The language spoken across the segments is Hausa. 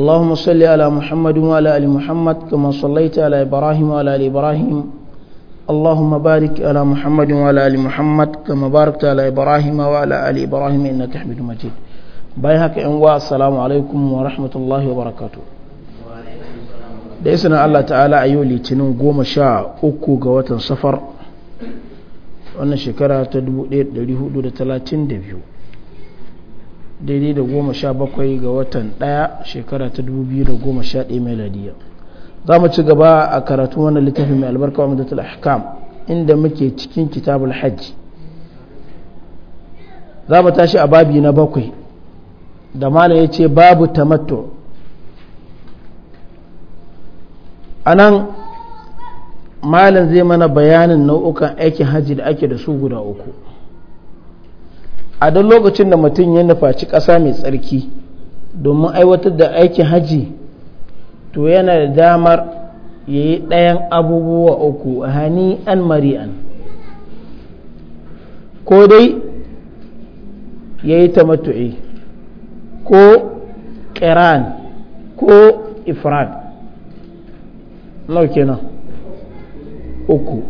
اللهم صل على محمد وعلى ال محمد كما صليت على ابراهيم وعلى ال ابراهيم اللهم بارك على محمد وعلى ال محمد كما باركت على ابراهيم وعلى ال ابراهيم انك حميد مجيد باي هكا ان السلام عليكم ورحمه الله وبركاته da isanin Allah ta'ala a yau litinin goma sha uku ga watan safar wannan shekara ta 1432 daidai da goma sha bakwai ga watan ɗaya shekara ta dubu biyu da goma sha ɗaya meladiya za mu ci gaba a karatu wannan littafi mai albarka wa madatul ahkam inda muke cikin kitabul hajji za mu tashi a babi na bakwai da malam ya ce babu tamattu a nan malam zai mana bayanin nau'ukan aikin hajji da ake da su guda uku a duk lokacin da mutum ya nufaci ƙasa mai tsarki domin aiwatar da aikin haji to yana da damar ya yi ɗayan abubuwa uku hani an mari'an ko dai ya yi ta matu'i ko ƙiran ko ifrad nau kenan uku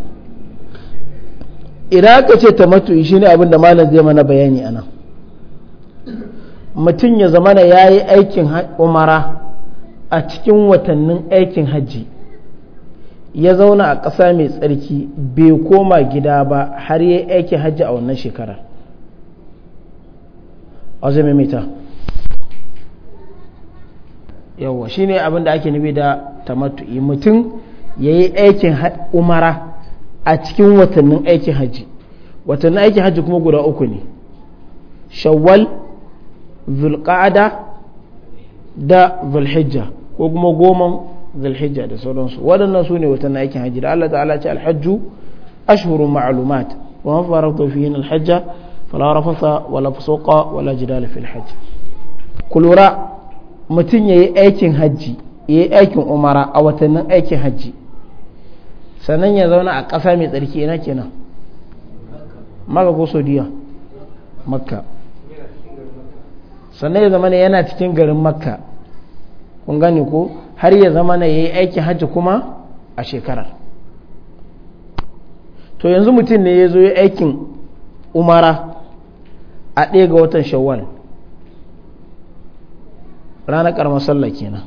idan aka ce matu shi abin da malam zai mana bayani a nan mutum ya zamana ya yi aikin umara a cikin watannin aikin hajji ya zauna a ƙasa mai tsarki bai koma gida ba har yi aikin hajji a wannan shekarar azumimita yawwa shi abin da ake nufi da ta matu mutum ya yi aikin umara a cikin watannin aikin hajji watannin aikin hajji kuma guda uku ne shawwal zulqa'ada da zulhijja ko kuma goman zulhijja da sauransu waɗannan su ne watannin aikin hajji da Allah ta'ala ce alhajju ashhurun ma'lumat wa man farada fihi alhajja fala rafasa wala fusuqa wala jidala fil hajj kulura mutum yayi aikin hajji yayi aikin umara a watannin aikin hajji sannan ya zauna a ƙasa mai tsarki ina kenan maka ko saudiya makka sannan ya zama ne yana cikin garin makka kun gani ko har ya zama ne ya yi aikin hajji kuma a shekarar to yanzu mutum ne ya zo ya aikin umara a ɗaya ga watan shawwal ranar ƙarmar sallah kenan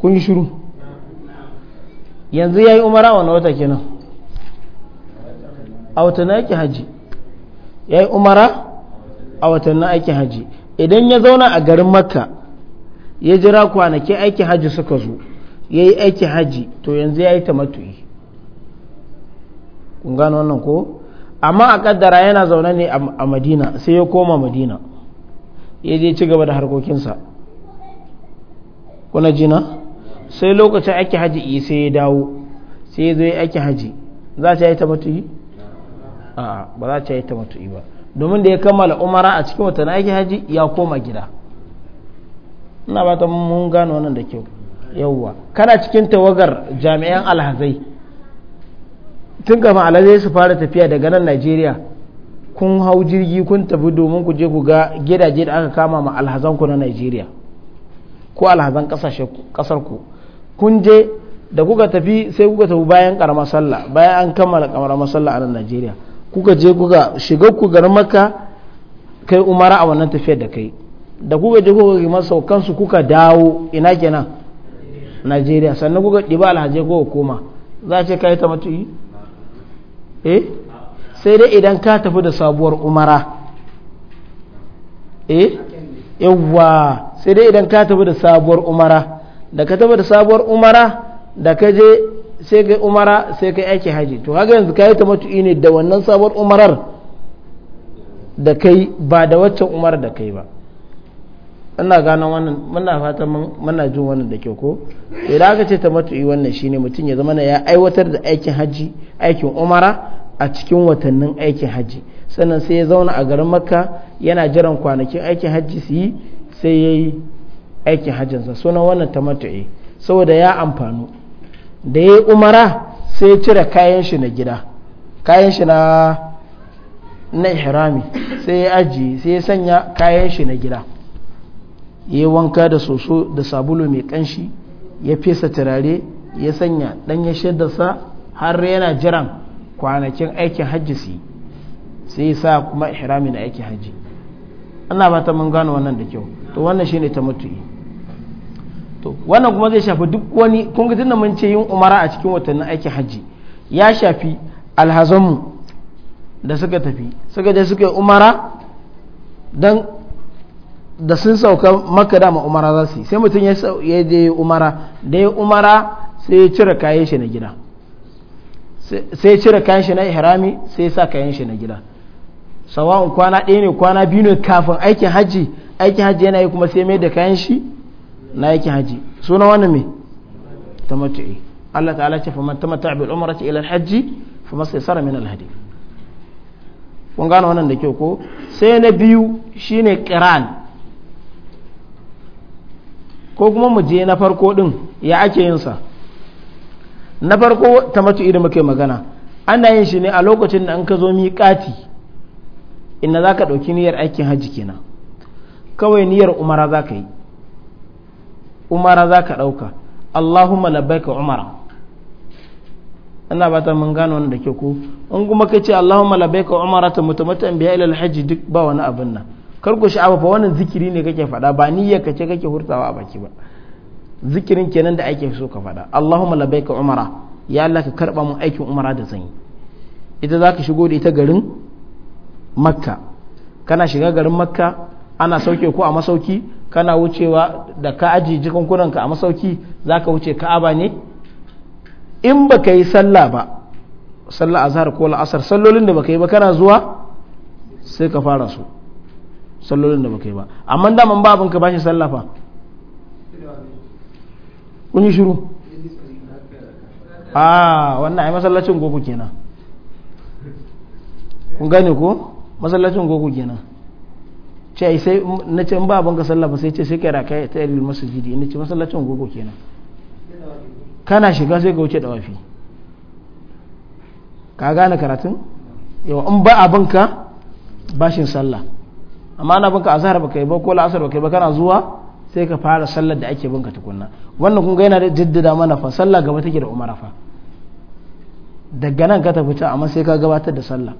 kun yi shiru yanzu ya yi umara wani wata kenan a watan ake haji ya yi umara a watan ake haji idan ya zauna a garin makka ya jira kwanaki aiki haji suka zo ya yi aiki haji to yanzu ya yi tamattu'i kun gano wannan ko amma a kaddara yana zaune ne a madina sai ya koma madina ya je ci gaba da harkokinsa kuna jina? sai lokacin ake haji yi sai ya dawo sai ya zo ya ake haji za ta yi ta matu'i a ba za ta yi ta matu'i ba domin da ya kammala umara a cikin watan ake haji ya koma gida ina ba ta mun gano wannan da kyau yawwa kana cikin tawagar jami'an alhazai tun kama alhazai su fara tafiya daga nan najeriya kun hau jirgi kun tafi domin ku je ku ga gidaje da aka kama ma alhazan ku na najeriya ko alhazan kasar ku kun je da kuka tafi sai kuka tafi bayan karamar sallah bayan an kammala karamar sallah a nan Najeriya kuka je kuka shiga ku garin Makka kai umara a wannan tafiyar da kai da kuka je kuka yi masa kansu kuka dawo ina kenan Najeriya sannan kuka diba alhaji ko koma za ce kai ta matu'i eh sai dai idan ka tafi da sabuwar umara eh yawwa sai dai idan ka tafi da sabuwar umara da ka taba da sabuwar umara da ka je sai kai umara sai kai aiki haji to haka yanzu ka yi ta matu'i ne da wannan sabuwar umarar da kai ba da waccan umarar da kai ba ina gano wannan muna fatan muna jin wannan da kyau ko idan aka ce ta matu'i wannan shine mutum ya zama ya aiwatar da aikin haji aikin umara a cikin watannin aikin haji sannan sai ya zauna a garin makka yana jiran kwanakin aikin haji su yi sai ya yi aikin hajjinsa sunan wannan tamattu'i saboda ya amfanu da ya umara sai ya cire kayan shi na gida kayan shi na na ihrami sai ya aji sai ya sanya kayan shi na gida ya yi wanka da soso da sabulu mai kanshi ya fesa turare ya sanya dan ya sa har yana jiran kwanakin aikin hajji su sai ya sa kuma ihrami na aikin hajji ana ba ta mun gano wannan da kyau to wannan shi shine tamattu'i to wannan kuma zai shafi duk wani kun da tunda mun ce yin umara a cikin watannin aikin hajji ya shafi alhazanmu da suka tafi suka je suka yi umara don da sun sauka maka dama umara za su yi sai mutum ya je umara da ya umara sai ya cire kayan shi na gida sai ya cire kayan shi na ihrami sai ya sa kayan shi na gida sawa'un kwana ɗaya ne kwana biyu ne kafin aikin hajji aikin haji yana yi kuma sai mai da kayan shi na aikin haji suna wani mai matu'i Allah ta'ala ce mata mata bil umrati ce ilar hajji masu saysara tsara minal hadi kun gane wannan da kyau ko sai na biyu shine ƙiran ko kuma mu je na farko din ya ake yin sa na farko ta matu'i da muke magana ana yin shi ne a lokacin da an ka zo miƙati inda za ka ɗauki niyyar aikin hajji kenan kawai niyyar umara za ka yi umara za ka ɗauka allahumma labbaika umara ina ba ta mun gano wanda ke ku in kuma ka ce allahumma labbaika umara ta mutu mutan biya ila hajji duk ba wani abin nan kar ku sha'awa fa wannan zikiri ne kake faɗa ba niyya ka ce kake hurtawa a baki ba zikirin kenan da ake so ka faɗa allahumma labbaika umara ya Allah ka karɓa mun aikin umara da sanyi ita za ka shigo da ita garin makka kana shiga garin makka ana sauke ko a masauki kana wucewa da ka aji jikunkunanka a masauki za ka wuce ka'aba ne in ba ka yi sallah ba sallah azhar ko la'asar sallolin da ba ka yi ba kana zuwa sai ka fara su sallolin da ba ka yi ba amma da ba abin ka bashi sallah fa kun yi shiru ah wannan ai masallacin goku kenan kun gane ko masallacin goku kenan ce sai na ce ba banka sallah ba sai ce sai kai raka ta irin masjidi na ce masallacin gogo kenan kana shiga sai ka wuce dawafi ka gane karatun yawa in ba a banka bashin sallah amma na banka azhar ba kai ba ko la'asar ba kai ba kana zuwa sai ka fara sallar da ake banka tukunna wannan kun ga yana da jaddada mana fa sallah gaba take da umara fa daga nan ka tafi ta amma sai ka gabatar da sallah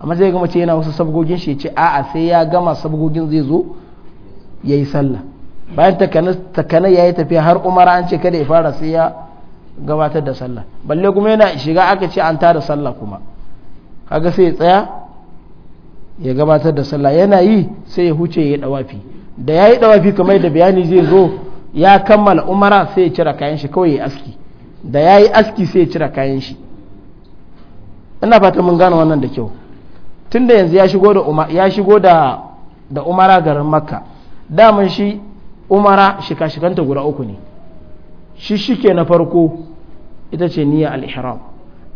amma zai gama ce yana wasu sabgogin shi ce a'a sai ya gama sabgogin zai zo ya yi sallah bayan takana ya yi tafiya har umara an ce kada ya fara sai ya gabatar da sallah balle kuma yana shiga aka ce an tada sallah kuma kaga sai ya tsaya ya gabatar da sallah yana yi sai ya huce ya dawafi da ya yi dawafi kamar da bayani zai zo ya kammala umara sai ya cira kayan shi kawai ya aski da ya yi aski sai ya cira kayan shi ina fata mun gane wannan da kyau tunda yanzu ya shigo da umara ya shigo da da umara garin makka daman shi umara shika-shikanta guda uku ne shi shike na farko ita ce niyya al-ihram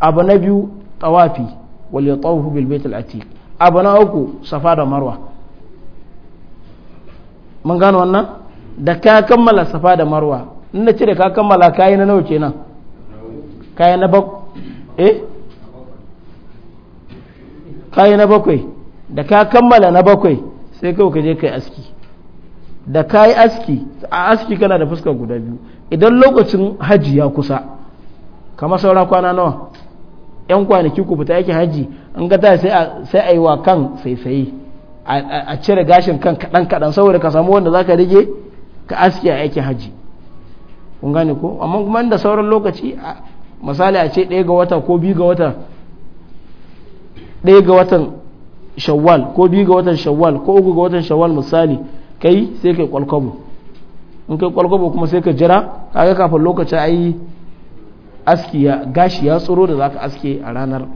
abu na biyu tawafi wal yatawafu bil bait al-atiq abu na uku safa da marwa mun gano wannan da ka kammala safa da marwa in na cire ka kammala kayi na nawa kenan kayi na bak eh kayi na bakwai da ka kammala na bakwai sai kawai ka je kai aski da ka aski a aski kana da fuska guda biyu idan lokacin hajji ya kusa kamar saura kwana nawa yan kwanaki ku fita yake hajji an ga sai a yi wa kan saisaye a cire gashin kan kaɗan kaɗan saboda ka samu wanda za ka rage ka aski a yake haji kun gane ko amma kuma da sauran lokaci misali a ce ɗaya ga wata ko biyu ga wata ɗaya ga watan shawwal ko biyu ga watan shawwal ko uku ga watan shawwal misali kai sai kai kwalkwabo in kai kwalkwabo kuma sai ka jira kaga kafin lokacin ayi aski ya gashi ya tsoro da zaka aske a ranar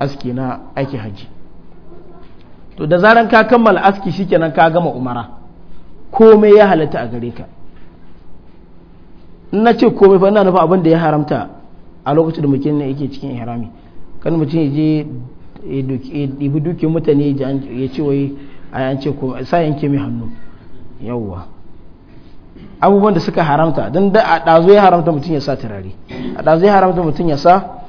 aski na aiki hajji. to da zaran ka kammala aski shikenan ka gama umara komai ya halatta a gare ka na ce komai fa ina nufa abin da ya haramta a lokacin da mutum ne yake cikin ihrami kan mutum ya je ibi dukin mutane ya ce wai an yance ko sa yanke mai hannu yawwa abubuwan da suka haramta don da a ɗazo ya haramta mutum ya sa turare a ɗazo ya haramta mutum ya sa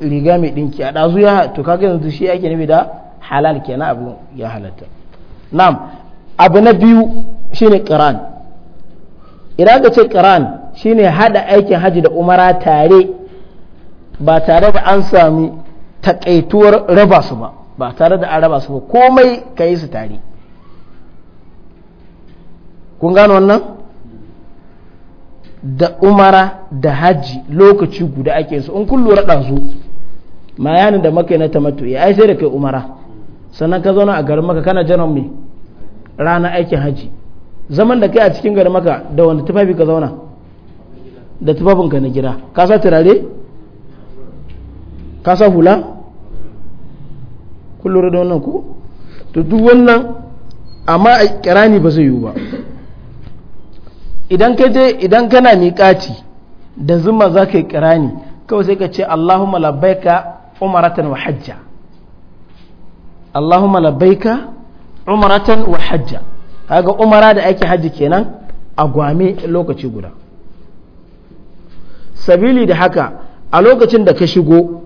riga mai ɗinki a ɗazo ya to kaga yanzu shi ake nufi da halal na abu ya halatta na'am abu na biyu shine qiran idan ka ce qiran shine hada aikin haji da umara tare ba tare da an sami takaituwar raba su ba ba tare da an raba su ba komai ka yi su tare kun gano wannan da umara da hajji lokaci guda ake su in kun lura ɗazu ma yanin da maka na tamato ya ai sai da kai umara sannan ka zauna a garin maka kana janar mai rana aikin hajji zaman da kai a cikin garin maka da wanda tufafi ka zauna da tufafin ka na gida kasa turare kasa hula kun lura da wannan ko to duk wannan amma a kirani ba zai yiwu ba idan ka idan kana miƙati da zuma za ka yi kirani kawai sai ka ce Allahumma labbaika umaratan wa hajja Allahumma labbaika umaratan wa hajja kaga umara da ake hajji kenan a gwame lokaci guda sabili da haka a lokacin da ka shigo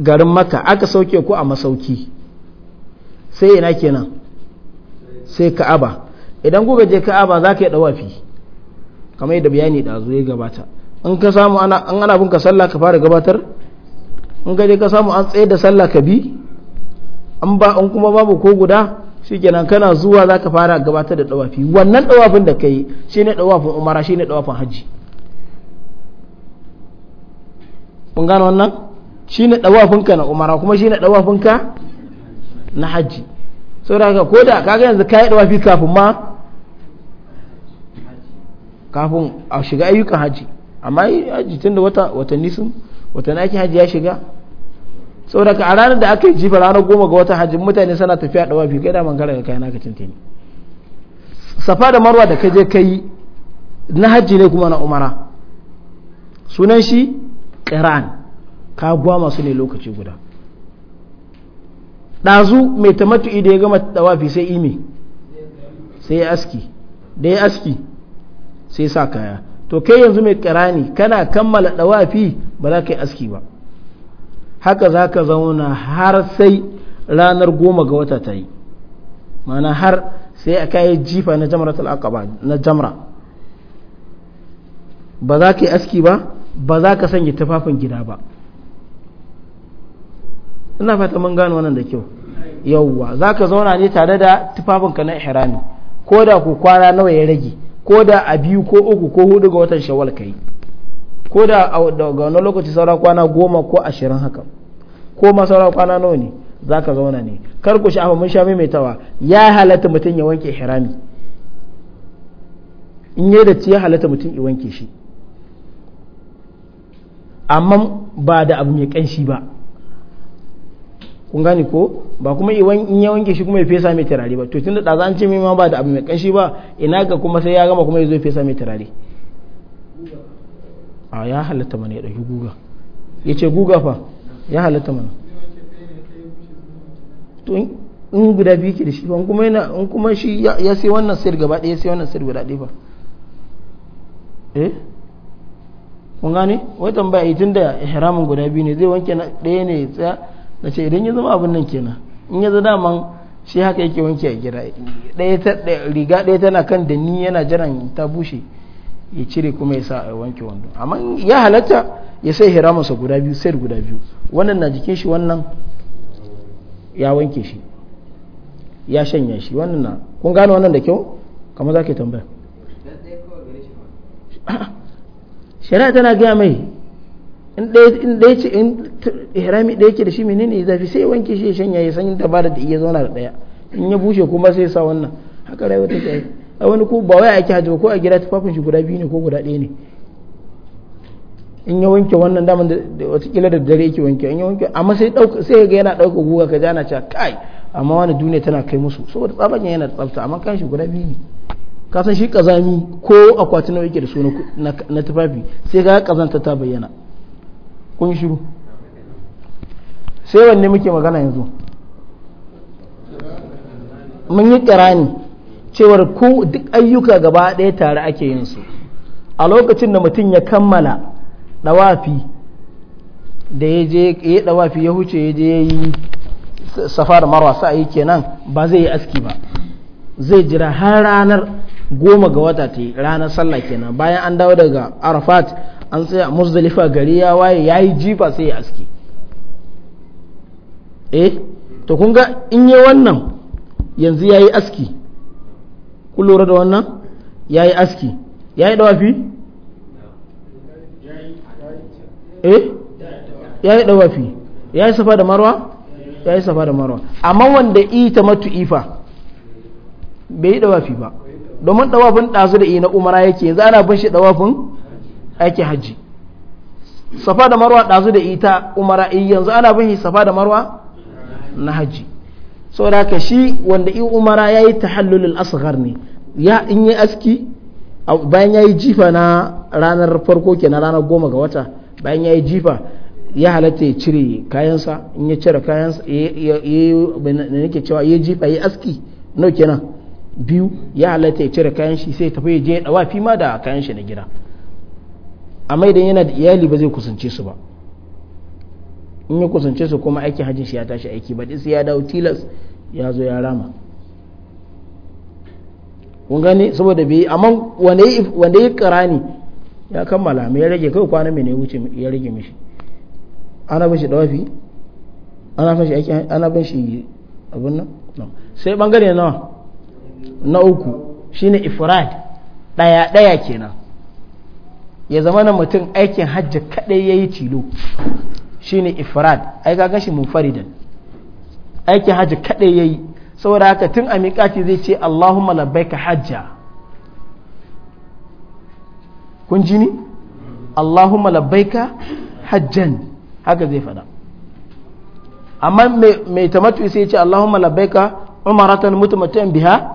garin maka aka sauke ku a masauki sai ina kenan sai ka'aba idan kuka je ka'aba za ka yi dawafi kamar yadda bayani da ya gabata in ka samu an ana bin ka sallah ka fara gabatar in ka je ka samu an tsaye da sallah ka bi an ba an kuma babu ko guda shikenan kana zuwa za ka fara gabatar da dawafi wannan dawafin da ka yi shine dawafin umara ne dawafin hajji kun gane wannan shi ne ɗawafinka na umara kuma shi ne ɗawafinka na hajji sau da ko da kaga yanzu yi ɗawafi kafin ma kafin a shiga ayyukan hajji amma hajji tun da watanni sun watanni ake hajji ya shiga sau ka a ranar da aka yi jifa ranar goma ga watan hajji mutane suna tafiya ɗawafi kai da mangara ga kayan aka cinta ne safa da marwa da kaje kai na hajji ne kuma na umara sunan shi ƙiran ka gwama su ne lokaci guda ɗazu mai tamattu'i da ya gama tawafi sai ime sai ya aski da ya aski sai sa kaya to kai yanzu mai kirani kana kammala ɗawafi ba za ka yi aski ba haka za ka zauna har sai ranar goma ga wata ta yi mana har sai a kayi jifa na jamratul ba na jamra ba za ka yi aski ba ba za ka sanya tufafin gida ba ina fata mun gano wannan da kyau yawwa za ka zauna ne tare da tufafinka na ihrami ko da ku kwana nawa ya rage ko da a biyu ko uku ko hudu ga watan shawwal kai ko da ga wani lokaci saura kwana goma ko ashirin haka ko ma saura kwana nawa ne za ka zauna ne kar ku sha'afa mun sha maimaitawa ya halatta mutum ya wanke ihrami in yi da ya halatta mutum ya wanke shi amma ba da abu mai kanshi ba kun gani ko ba kuma in ya wanke shi kuma ya fesa mai turare ba to tunda da za an ce ma ba da abu mai kanshi ba ina ga kuma sai ya gama kuma ya zo fesa mai turare a ya halatta mana ya ɗauki guga ya ce guga fa ya halatta mana to in guda biyu ke da shi ba kuma yana in kuma shi ya sai wannan sayar gaba ɗaya sai wannan sayar guda ɗaya ba eh kun gane wai tambaya eh, tun da ihramin guda biyu ne zai wanke na ɗaya ne ya tsaya na ce idan ya zama abin nan kenan in ya zama man shi haka yake wanke a gida riga ɗaya tana kan da ni yana jiran ta bushe ya cire kuma ya sa a wanke wando amma ya halatta ya sai hiramansa guda biyu sai guda biyu wannan na jikin shi wannan ya wanke shi ya shanya shi wannan na kun gane wannan da kyau kamar za ka tambaya shari'a tana gaya mai in ɗaya ce in ihrami ɗaya ke da shi menene ya zafi sai ya wanke shi ya shanya ya san da bada da iya zauna da ɗaya in ya bushe kuma sai ya sa wannan haka rayuwa take yi a wani ko ba wai a ake ko a gida tufafin shi guda biyu ne ko guda ɗaya ne in ya wanke wannan daman da kila da dare yake wanke in ya wanke amma sai dauka sai ga yana dauka guga ka jana cewa kai amma wani duniya tana kai musu saboda tsaban yana da tsafta amma kan shi guda biyu ne ka san shi kazami ko akwati nawa yake da suna na tufafi sai ga kazanta ta bayyana kun shiru sai wanne muke magana yanzu mun yi ƙirani cewar ko duk ayyuka gaba ɗaya tare ake yin su a lokacin da mutum ya kammala ɗawafi da ya je ya ɗawafi ya huce ya je ya yi safar marwa sa'ayi kenan ba zai yi aski ba zai jira har ranar goma ga wata ta yi ranar sallah kenan bayan an dawo daga arafat an a muzdalifa gari ya waye ya yi jifa sai ya aski eh to kun ga in yi wannan yanzu ya yi aski kun lura da wannan ya yi aski ya yi dawafi eh ya yi dawafi ya yi safa da marwa ya yi safa da marwa amma wanda ita matu ifa bai yi dawafi ba domin dawafin ɗazu da na umara yake yanzu ana bin shi dawafin aiki hajji safa da marwa ɗazu da ita umara eh, yanzu ana bin safa da marwa na hajji da ka shi wanda in umara ya yi hallulul asghar ne ya in yi aski bayan ya yi jifa na ranar farko ke na ranar goma ga wata bayan ya yi jifa ya halatta ya cire kayansa in ya cire kayansa ya nake cewa ya jifa ya aski nau kenan biyu ya halatta ya cire kayan shi sai tafi ya je ya fi ma da kayan shi na gida amma idan yana da iyali ba zai kusance su ba in ya kusance su kuma aikin hajji shi ya tashi aiki ba su ya dawo tilas ya zo ya rama kun gane saboda bai amma wanda ya karani ya kammala mai ya rage kai kwanan mai ne wuce ya rage mishi ana shi dawafi ana bashi aiki ana shi abin nan sai bangare nawa na uku shine ifrad daya daya kenan ya zama na mutum aikin hajji kaɗai ya yi tilo shine ifrad ai ga gashi munfaridan aikin hajji kaɗai ya yi saboda haka tun a miƙati zai ce allahumma ka hajja kun ji ni allahumma ka hajjan haka zai faɗa amma mai tamattu sai ya ce allahumma ka umaratan mutumatan biha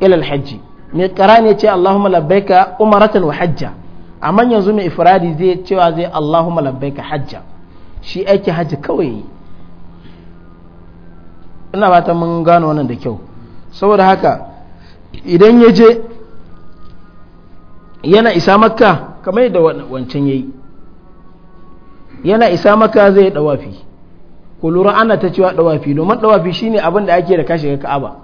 ila hajji mai ƙara ne ce allahumma ka umaratan wa hajja amma yanzu mai ifradi zai cewa zai Allahumma ka hajja shi aiki hajji kawai ina fatan mun gano wannan da kyau saboda haka idan ya je yana isa makka kamar yadda wancan ya yi yana isa makka zai dawafi ku lura ana ta cewa dawafi domin dawafi shine abin da ake da kashi ga ka'aba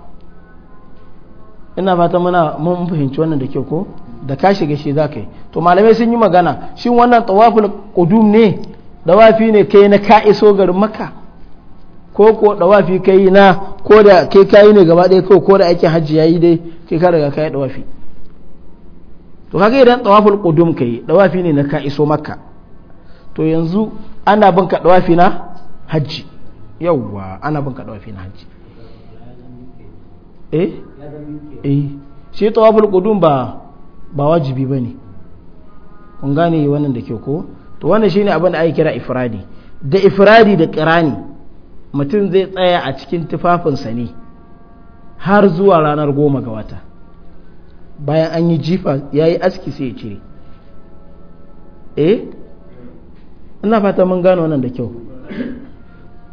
ina fata mun fahimci wannan da kyau ko da ka shiga shi za ka yi to malamai sun yi magana shin wannan tawaful qudum ne dawafi ne kai na ka iso garin makka ko ko dawafi kai na ko da kai kai ne gaba ɗaya ko da aikin hajji yayi dai kai ka riga kai dawafi to kaga idan tawaful qudum kai dawafi ne na ka iso makka to yanzu ana bin ka dawafi na hajji yawwa ana bin ka dawafi na hajji eh eh shi tawaful qudum ba ba wajibi ba ne kun gane wannan da ke ko to wannan shine abin da ake kira ifradi da ifradi da kirani mutum zai tsaya a cikin tufafinsa ne har zuwa ranar goma ga wata bayan an yi jifa ya yi aski sai ya cire eh ina fata mun gano wannan da kyau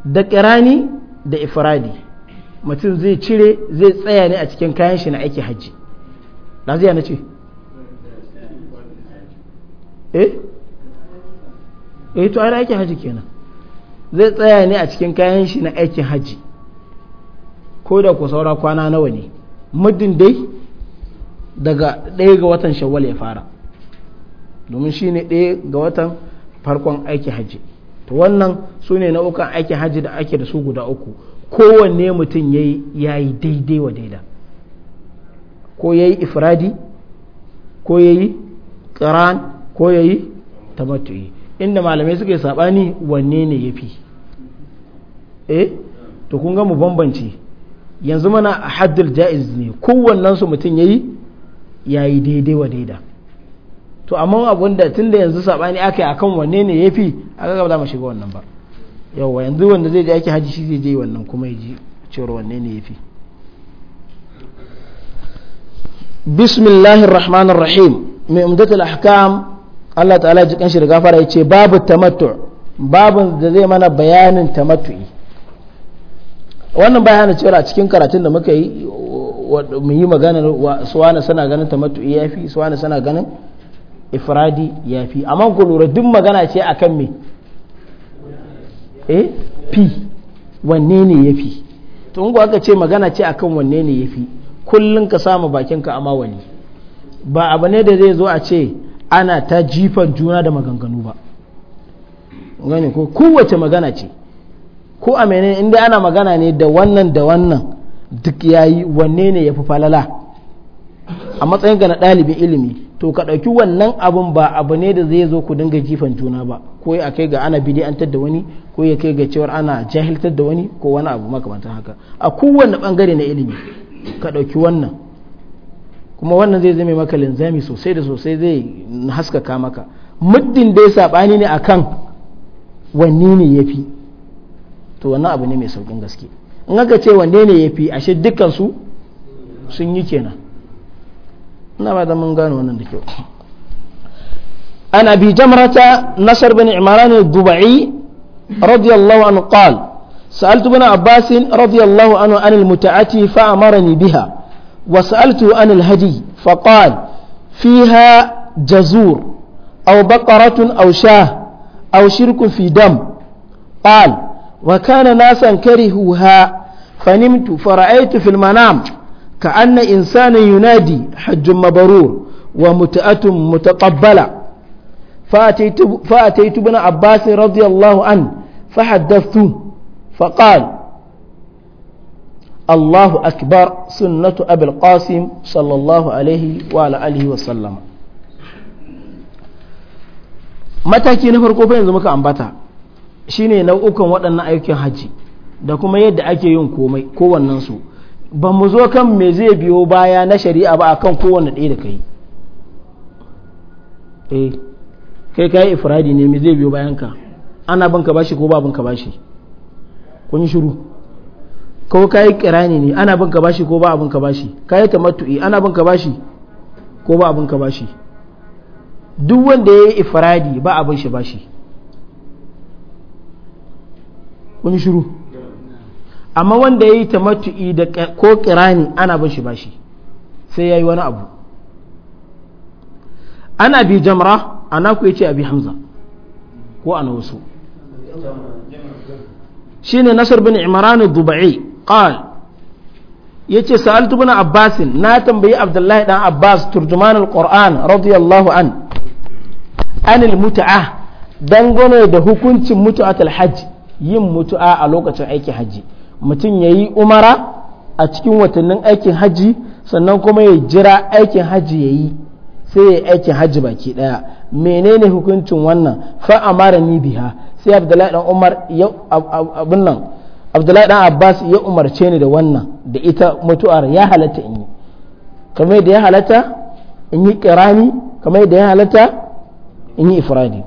da kirani da ifradi mutum zai cire zai tsaya ne a cikin kayan shi na aiki hajji na zai na ce eh eh to ana aikin haji kenan zai tsaya ne a cikin kayan shi na aikin haji ko da ku saura kwana nawa ne muddin dai daga ɗaya ga watan shawwal ya fara domin shi ne ɗaya ga watan farkon aiki hajji to wannan su ne nau'ukan aiki hajji da ake da su guda uku kowanne mutum ya yi daidai wa daida ko ya yi ifradi ko ya yi ƙaran. ko ya yi tamattu'i inda malamai suka yi saɓani wanne ne ya fi eh to kun ga mu bambance yanzu mana a haddul ja'iz ne su mutum ya yi ya yi daidai wa daida to amma abun da tun da yanzu saɓani aka yi akan wanne ne ya fi a ga gaba mu shiga wannan ba yawa yanzu wanda zai je ake haji shi zai je wannan kuma ya ji cewar wanne ne ya fi الله rahmanir rahim mai umdatul الأحكام Allah ta'ala ya ji kanshi da gafara ya ce babu tamattu babu da zai mana bayanin tamattu'i wannan bayanin cewa a cikin karatun da muka yi mu yi magana suwana sana ganin tamattu'i ya fi suwana sana ganin ifradi ya fi amma ku lura duk magana ce akan me eh fi wanne ne ya fi to in aka ce magana ce akan wanne ne ya fi kullum ka samu bakinka a mawali ba abu ne da zai zo a ce ana ta jifan juna da maganganu ba gani ko kowace magana ce ko a mene inda ana magana ne da wannan da wannan duk yayi wanne ne ya fi falala a matsayin ga na ɗalibin ilimi to ka ɗauki wannan abun ba abu ne da zai zo ku dinga jifan juna ba ko ya kai ga ana bidi'antar da wani ko ya kai ga cewar ana jahiltar da wani ko wani abu makamantar haka a kowane ɓangare na ilimi ka ɗauki wannan kuma wannan zai zame maka linzami sosai da sosai zai haskaka maka muddin dai sabani ne akan wanne ne yafi to wannan abu ne mai saukin gaske in aka ce wanne ne yafi ashe dukkan su sun yi kenan ina ba da mun gano wannan da kyau an abi jamrata nasar bin imran al-dubai radiyallahu anhu qala sa'altu bin abbas radiyallahu anhu an al-muta'ati fa amarani biha وسألته عن الهدي فقال فيها جزور أو بقرة أو شاه أو شرك في دم قال وكان ناسا كرهوها فنمت فرأيت في المنام كأن إنسانا ينادي حج مبرور ومتأة متقبلة فأتيت, فأتيت ابن عباس رضي الله عنه فحدثته فقال Allahu akbar sunnatu abul qasim sallallahu alaihi wa alihi wa sallama mataki na farko fa yanzu muka ambata shine nau'ukan waɗannan aikin hajji da kuma yadda ake yin komai kowannen su ba mu zo kan me zai biyo baya na shari'a ba akan kowanne daya da kai eh kai kai ifradi ne me zai biyo bayan ka ana banka bashi ko ba banka bashi kun shiru ko kai kirani ne ana bin ka bashi ko ba abin ka bashi kai tamattu'i ana bin ka bashi ko ba abin ka bashi duk wanda yayi ifradi ba abin shi bashi kun shiru amma wanda yayi tamattu'i da ko kirani ana bin shi bashi sai yayi wani abu ana bi jamra ana ku yace abi hamza ko ana wasu shine nasar bin imran dubai qal yace sa'altu ibn abbas na tambayi abdullahi dan abbas turjuman alquran radiyallahu an anil mut'a dangane da hukuncin mutu'atul hajji yin mutu'a a lokacin aikin hajji mutum yayi umara a cikin watannin aikin hajji sannan kuma ya jira aikin hajji yayi sai ya aikin hajji baki ɗaya menene hukuncin wannan fa amara ni biha sai abdullahi dan umar abun nan abdullahi dan abbas ya umarce ni da wannan da ita mutu'ar ya halatta in yi kamar da ya halatta in yi kirani kamar da ya halatta in yi ifradi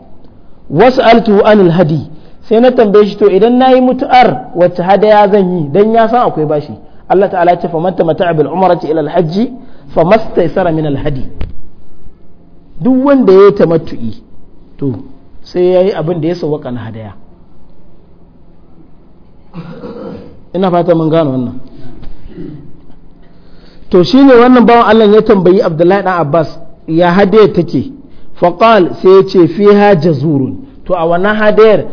wasu altu anil hadi sai na tambaye shi to idan na yi mutu'ar wacce hadaya zan yi dan ya san akwai bashi Allah ta'ala ya ce fa manta mata'a bil umrati ila al hajji fa mastaysara min al hadi duk wanda ya tamattu'i to sai yayi abin da ya sawaka na hadaya ina fata mun gano wannan to shine wannan bawan Allah ya tambayi Abdullahi dan Abbas ya hadaya take faqal sai ya ce fiha jazurun to a wannan hadayar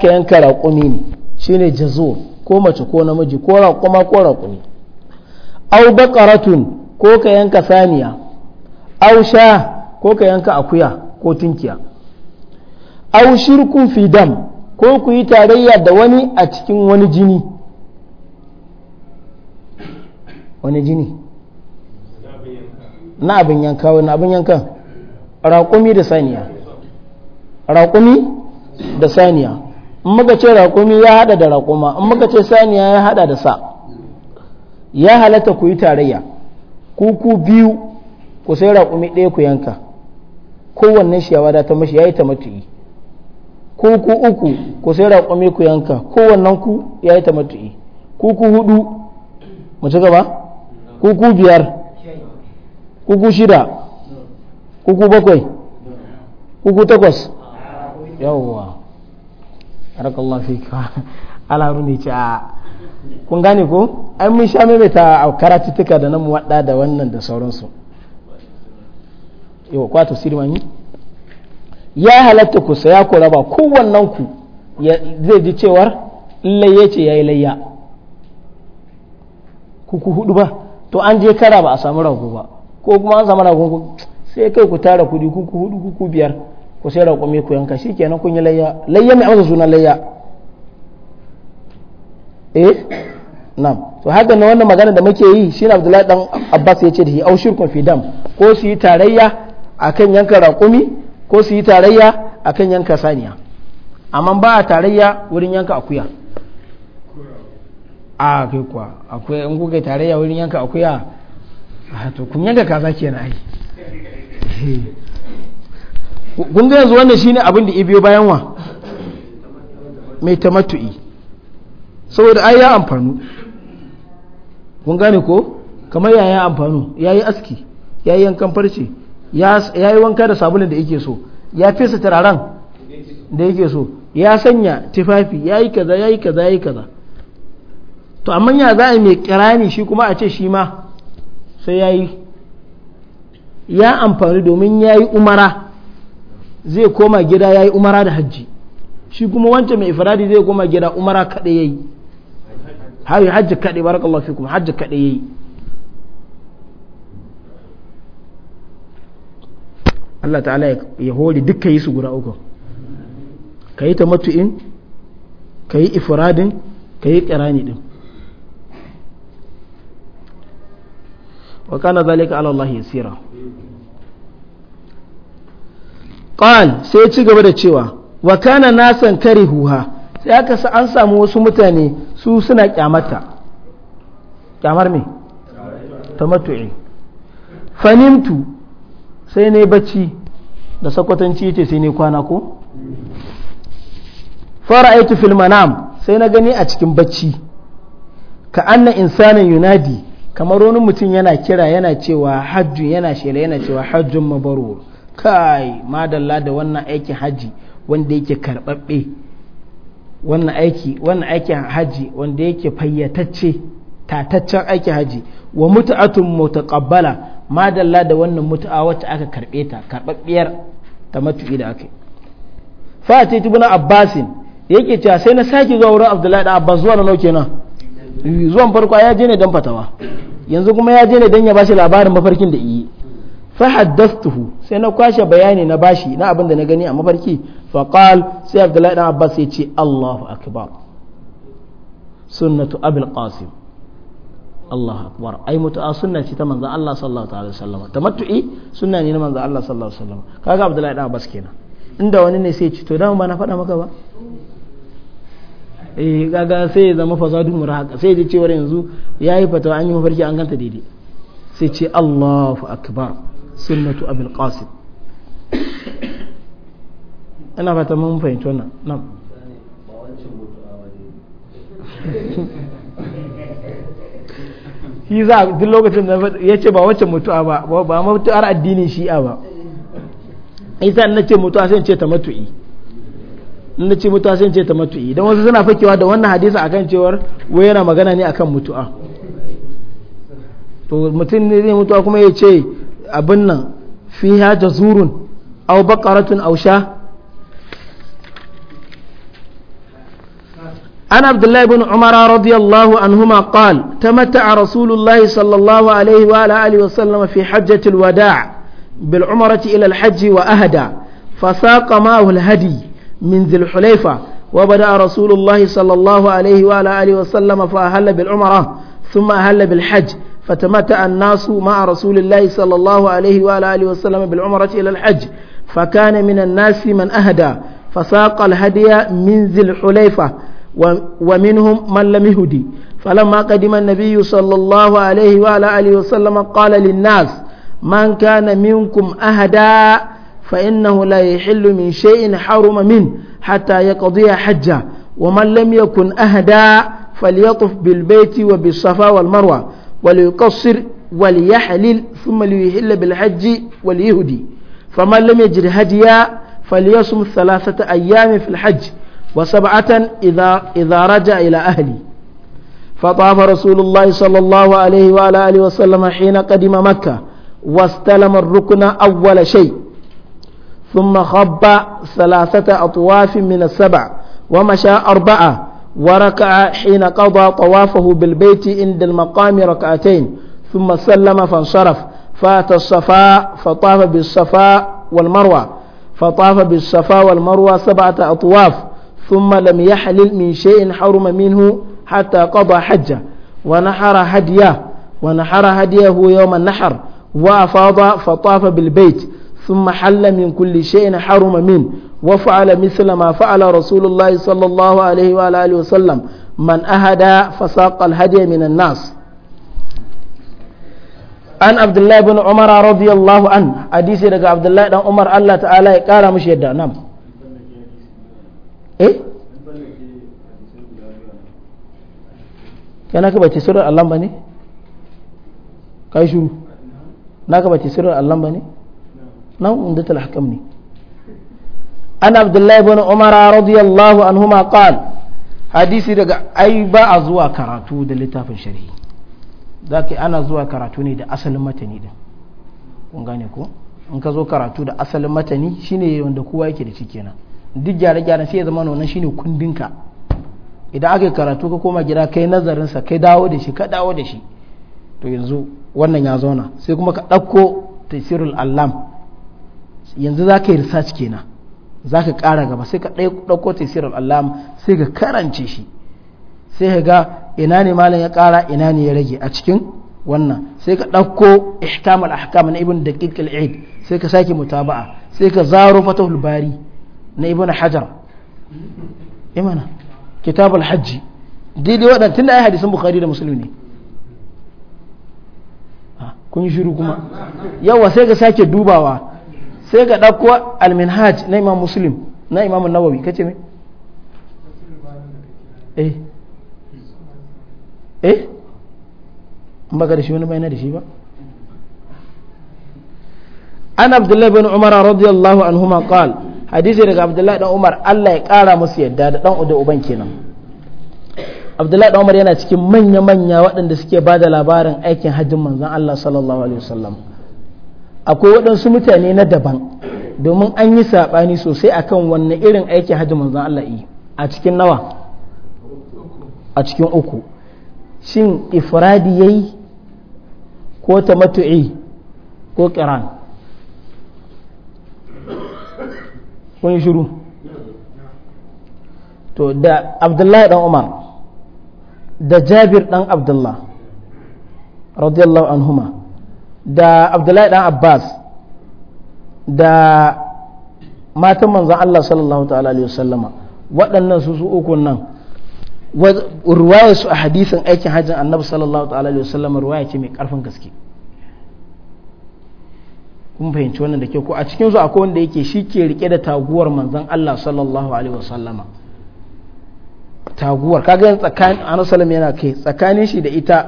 ka yanka raƙumi ne shine jazur ko mace ko namiji ko raƙuma ko raƙumi au baqaratun ko ka yanka saniya au sha ko ka yanka akuya ko tunkiya au shirkun fi dam ko ku yi tarayya da wani a cikin wani jini wani jini na abin yanka wani abin yankan raƙumi da saniya raƙumi da saniya in muka ce raƙumi ya hada da raƙuma in muka ce saniya ya hada da sa ya halatta ku yi tarayya ku biyu ku sai raƙumi ɗaya ku yanka kowanne shi ya wadata mashi ya yi ta matu'i ku ku uku ku sai raƙwame ku yanka kowannen ku ya yi tamattu'i ku ku hudu mu ci gaba ku ku biyar ku ku shida ku ku bakwai ku ku takwas yawwa fi ka alaru ne ci a kun gane ko ai mun sha maimaita a karatuttuka da nan mu wada da wannan da sauransu yau kwato sirmani ya halatta ku saya ku raba kowannen ku zai ji cewar layya ce yayi layya ku ku hudu ba to an je kara ba a samu rago ba ko kuma an samu rago sai kai ku tara kudi ku ku hudu ku ku biyar ku sai rago mai ku yanka shikenan kun yi layya layya mai amsa sunan layya eh na'am to haka na wannan magana da muke yi shine Abdullahi dan Abbas ya ce da shi aushirku fi dam ko su yi tarayya akan yanka raƙumi ko su yi tarayya akan yanka saniya amma ba a tarayya wurin yanka akuya a kai kuwa akwai in kuka tarayya wurin yanka akuya to kun yanka kaza kenan ai kun ga yanzu wannan shine abin da ibiyo bayan wa mai tamattu'i saboda ai ya amfanu kun gane ko kamar yaya amfanu yayi aski yayi yankan farce ya yi wanka da sabulin da yake so ya fesa turaren da yake so ya sanya tufafi ya yi kaza ya yi kaza ya yi kaza to amma ya za a mai kirani shi kuma a ce shi ma sai ya yi ya amfani domin ya yi umara zai koma gida ya yi umara da hajji shi kuma wancan mai ifradi zai koma gida umara kaɗai ya yi hajji kaɗai barakallahu fikum hajji kaɗai ya yi Allah ta'ala ya hori duk yi su guda uku ka yi ta matu'in, ka yi ifiradin ka yi ƙirani ɗin wa kana zalika ala Allah yasira qal sai ci gaba da cewa wa kana nasan huha sai aka an samu wasu mutane su suna kyamata kyamar me matu'in fanimtu sai ne bacci da sakwatanci ce sai ne kwana ko aiki filma nam sai na gani a cikin bacci ka anna insanin yunadi kamar wani mutum yana kira yana cewa hajji yana shela yana cewa hajjin mabaro kai madalla da wannan aikin hajji wanda yake karbabbe wannan aiki wannan aikin hajji wanda yake fayyatacce tataccen aikin hajji wa mutu'atun mutaqabbala madalla da wannan mutu'a wacce aka karbe ta karbabbiyar matuƙi da aka yi fa abbasin yake cewa sai na sake zuwa wurin abdullahi da abbas zuwa na nau kenan zuwan farko ya je ne dan fatawa yanzu kuma ya je ne dan ya bashi labarin mafarkin da iyi fa haddathtuhu sai na kwashe bayani na bashi na abin da na gani a mafarki fa qal sai abdullahi da abbas ya ce Allahu akbar sunnatu abul qasim Allahu akbar ai mutu'a sunna ce ta manzo Allah sallallahu alaihi wasallam tamattu'i sunna ne na manzo Allah sallallahu alaihi wasallam kaga Abdullahi dan Abbas kenan inda wani ne sai ci to dama ba na faɗa maka ba eh kaga sai ya zama fasadu murhaq sai ya ce wani yanzu yayi fatawa an yi mafarki an ganta daidai sai ce Allahu akbar sunnatu abul qasim ina fata mun fahimci wannan nan shi za duk lokacin da ya ce ba wacce mutuwa ba ba mutuwar addinin shi'a ba isa na ce mutuwa sai ce ta matu'i na ce mutuwa sai ce ta matu'i don wasu suna fakewa da wannan hadisa akan cewar wai yana magana ne akan mutuwa. to mutum ne zai mutuwa kuma ya ce abin nan fiha jazurun au bakaratun au sha عن عبد الله بن عمر رضي الله عنهما قال تمتع رسول الله صلى الله عليه وعلى آله وسلم في حجة الوداع بالعمرة إلى الحج وأهدى فساق معه الهدي من ذي الحليفة وبدأ رسول الله صلى الله عليه وعلى آله وسلم فأهل بالعمرة ثم أهل بالحج فتمتع الناس مع رسول الله صلى الله عليه وعلى آله وسلم بالعمرة إلى الحج فكان من الناس من أهدى فساق الهدي من ذي الحليفة ومنهم من لم يهدي فلما قدم النبي صلى الله عليه وعلى آله وسلم قال للناس من كان منكم أهدا فإنه لا يحل من شيء حرم منه حتى يقضي حجه ومن لم يكن أهدا فليطف بالبيت وبالصفا والمروة وليقصر وليحلل ثم ليحل بالحج وليهدي فمن لم يجد هديا فليصم ثلاثة أيام في الحج وسبعة إذا, إذا رجع إلى أهلي فطاف رسول الله صلى الله عليه وعلى آله وسلم حين قدم مكة واستلم الركن أول شيء ثم خب ثلاثة أطواف من السبع ومشى أربعة وركع حين قضى طوافه بالبيت عند المقام ركعتين ثم سلم فانصرف فات الصفاء فطاف بالصفاء والمروة فطاف بالصفاء والمروة سبعة أطواف ثم لم يحلل من شيء حرم منه حتى قضى حجه ونحر هديه ونحر هديه يوم النحر وأفاض فطاف بالبيت ثم حل من كل شيء حرم منه وفعل مثل ما فعل رسول الله صلى الله عليه وآله وسلم من أهدى فساق الهدي من الناس an abdullahi bin umar radiyallahu an hadisi daga عبد الله بن عمر الله تعالى قال مش yadda نعم eh kana ka bace surar Allah ba ne kai shi na ka bace surar Allah ba ne nan inda talhakam ne an abdullahi ibn umar radiyallahu anhuma qala hadisi daga ai ba a zuwa karatu da littafin sharhi zaki ana zuwa karatu ne da asalin matani din kun gane ko in ka zo karatu da asalin matani shine wanda kowa yake da shi kenan duk gyare-gyaren sai ya zama wannan shine kundinka idan aka karatu ka koma gida kai nazarinsa kai dawo da shi ka dawo da shi to yanzu wannan ya zauna sai kuma ka ɗauko tafsirul allam yanzu za ka yi research kenan za ka ƙara gaba sai ka ɗauko tafsirul allam sai ka karance shi sai ka ga ina ne malam ya ƙara ina ne ya rage a cikin wannan sai ka ɗauko ihkamul ahkam na ibn daqiq al-eid sai ka sake mutaba'a sai ka zaro fatahul bari na ibn hajar imana eh kitab hajji daidai waɗanda tun da ai hadisan bukhari da musulmi ne ah, kun yi shiru kuma yawa sai ga sake dubawa sai ga ɗauko al-minhaj na imam muslim na imam nawawi kace me eh eh an baka da shi wani bayana da shi ba an abdullahi bin umar radiyallahu anhuma qala hadisi daga abdullahi dan umar allah ya kara musu yadda da dan uda uban kenan abdullahi dan umar yana cikin manya manya waɗanda suke ba da labarin aikin hajjin manzon allah sallallahu alaihi wasallam akwai waɗansu mutane na daban domin an yi saɓani sosai akan wanne irin aikin hajjin manzon allah yi a cikin nawa a cikin uku shin ifradi yayi ko tamattu'i ko qiran kun yi shiru to da abdullahi dan umar da jabir dan abdullah radiyallahu anhuma da abdullahi dan abbas da matan manzan Allah sallallahu ta'ala alaihi wasallama waɗannan su su uku nan ruwaya su a hadisin aikin hajjin annabi sallallahu ta'ala alaihi wasallama ruwaya ce mai ƙarfin gaske kun fahimci wannan da ke ko a cikin su akwai wanda yake shi ke rike da taguwar manzon Allah sallallahu alaihi wasallama taguwar kaga yan tsakanin annabi sallallahu yana kai tsakanin shi da ita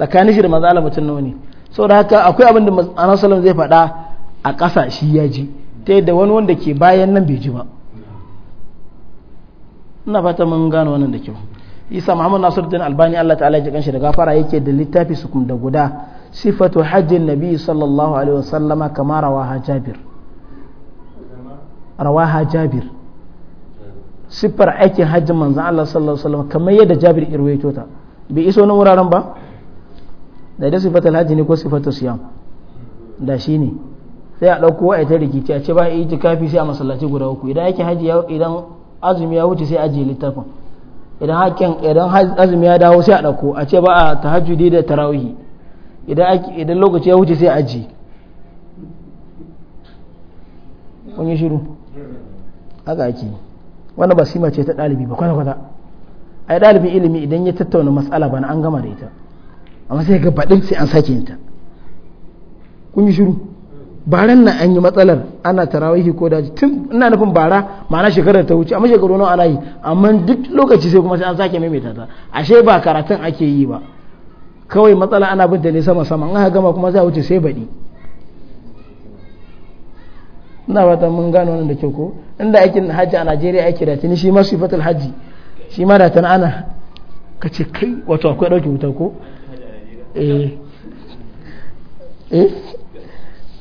tsakanin shi da manzon Allah mutum nawa ne saboda haka akwai abin da annabi sallallahu zai faɗa a ƙasa shi ya ji ta yadda wani wanda ke bayan nan bai ji ba ina fata mun gano wannan da kyau isa muhammad nasiruddin albani Allah ta'ala ya ji kanshi da gafara yake da littafi su da guda صفة حج النبي صلى الله عليه وسلم كما رواها جابر رواها جابر aikin hajjin manzan Allah sallallahu alaihi wasallam kamar yadda Jabir irwaito ta bai iso nan wuraren ba da ita sifatul ne ko sifatul siyam da shi ne sai a ɗauko wa ita rikici a ce ba yi kafi sai a masallaci guda uku idan aikin haji ya idan azumi ya wuce sai a je littafin idan hakin idan azumi ya dawo sai a ɗauko a ce ba a tahajjudi da tarawihi idan lokaci ya wuce sai aji wani shiru haka ake wannan ba sima ce ta ɗalibi ba kwata-kwata yi ɗalibin ilimi idan ya tattauna matsala ba na an gama da ita amma sai ga baɗin sai an sake yinta kun yi shiru baran na an yi matsalar ana tarawihi ko daji tun ina nufin bara ma'ana shekarar ta wuce amma shekaru nawa ana yi amma duk lokaci sai kuma sai an sake maimaita ta ashe ba karatun ake yi ba kawai matsala ana bin ta ne sama sama in aka gama kuma za a wuce sai baɗi ina ta mun gano nan da kyau ko inda aikin hajji a Najeriya ake da tuni shi ma fatal hajji shi ma da tana ana kace kai wato akwai ɗauki wuta ko eh eh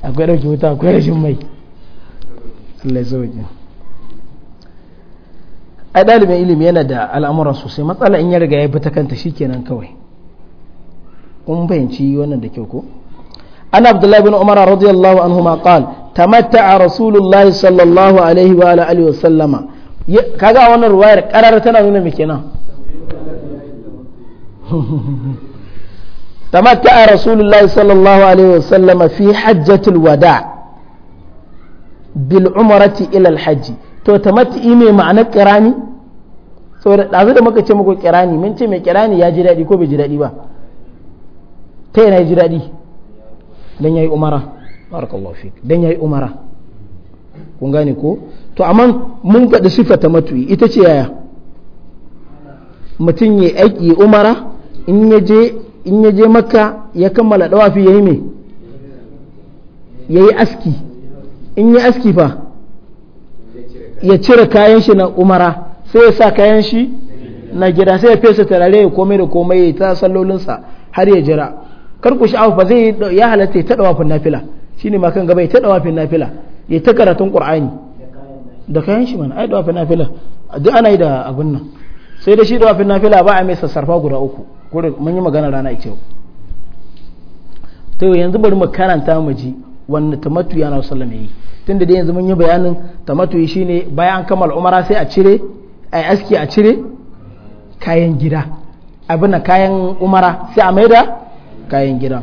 akwai ɗauki wuta akwai rashin mai Allah ya sauke ai dalibin ilimi yana da al'amuran sosai matsala in ya riga ya bi ta kanta shikenan kawai kun bayanci wannan da kyau ko an abdullahi bin umar radiyallahu anhu ma qal a rasulullah sallallahu alaihi wa alihi wa sallama kaga wannan ruwayar karar tana nuna me kenan a rasulullah sallallahu alaihi wa sallama fi hajjatul wada' bil umrati ila al hajj to tamattu'i me ma'anar kirani saboda dazu da muka ce muku kirani mun ce mai kirani ya ji daɗi ko bai ji daɗi ba ta yana ji daɗi dan yayi umara barakallahu fik dan yayi umara kun gane ko to amma mun faɗi sifata matu, ita ce yaya mutum ya aiki umara in ya je in ya je makka ya kammala dawafi ya me aski in ya aski fa ya cire kayan shi na umara sai ya sa kayan shi na gida sai ya fesa tarare ya komai da komai ya ta sallolinsa har ya jira kar ku sha'awa zai ya halatta ya taɗa wafin nafila shi ma kan gaba ya taɗa wafin nafila ya ta karatun qur'ani da kayan shi mana ai da wafin nafila duk ana yi da abin nan sai da shi da wafin nafila ba a mai sassarfa guda uku gurin mun yi magana rana ita to yanzu bari mu karanta mu ji wannan tamattu ya na sallama yi tunda da yanzu mun yi bayanin tamattu ne bayan an kammala umara sai a cire ai aski a cire kayan gida abin kayan umara sai a maida kayan gida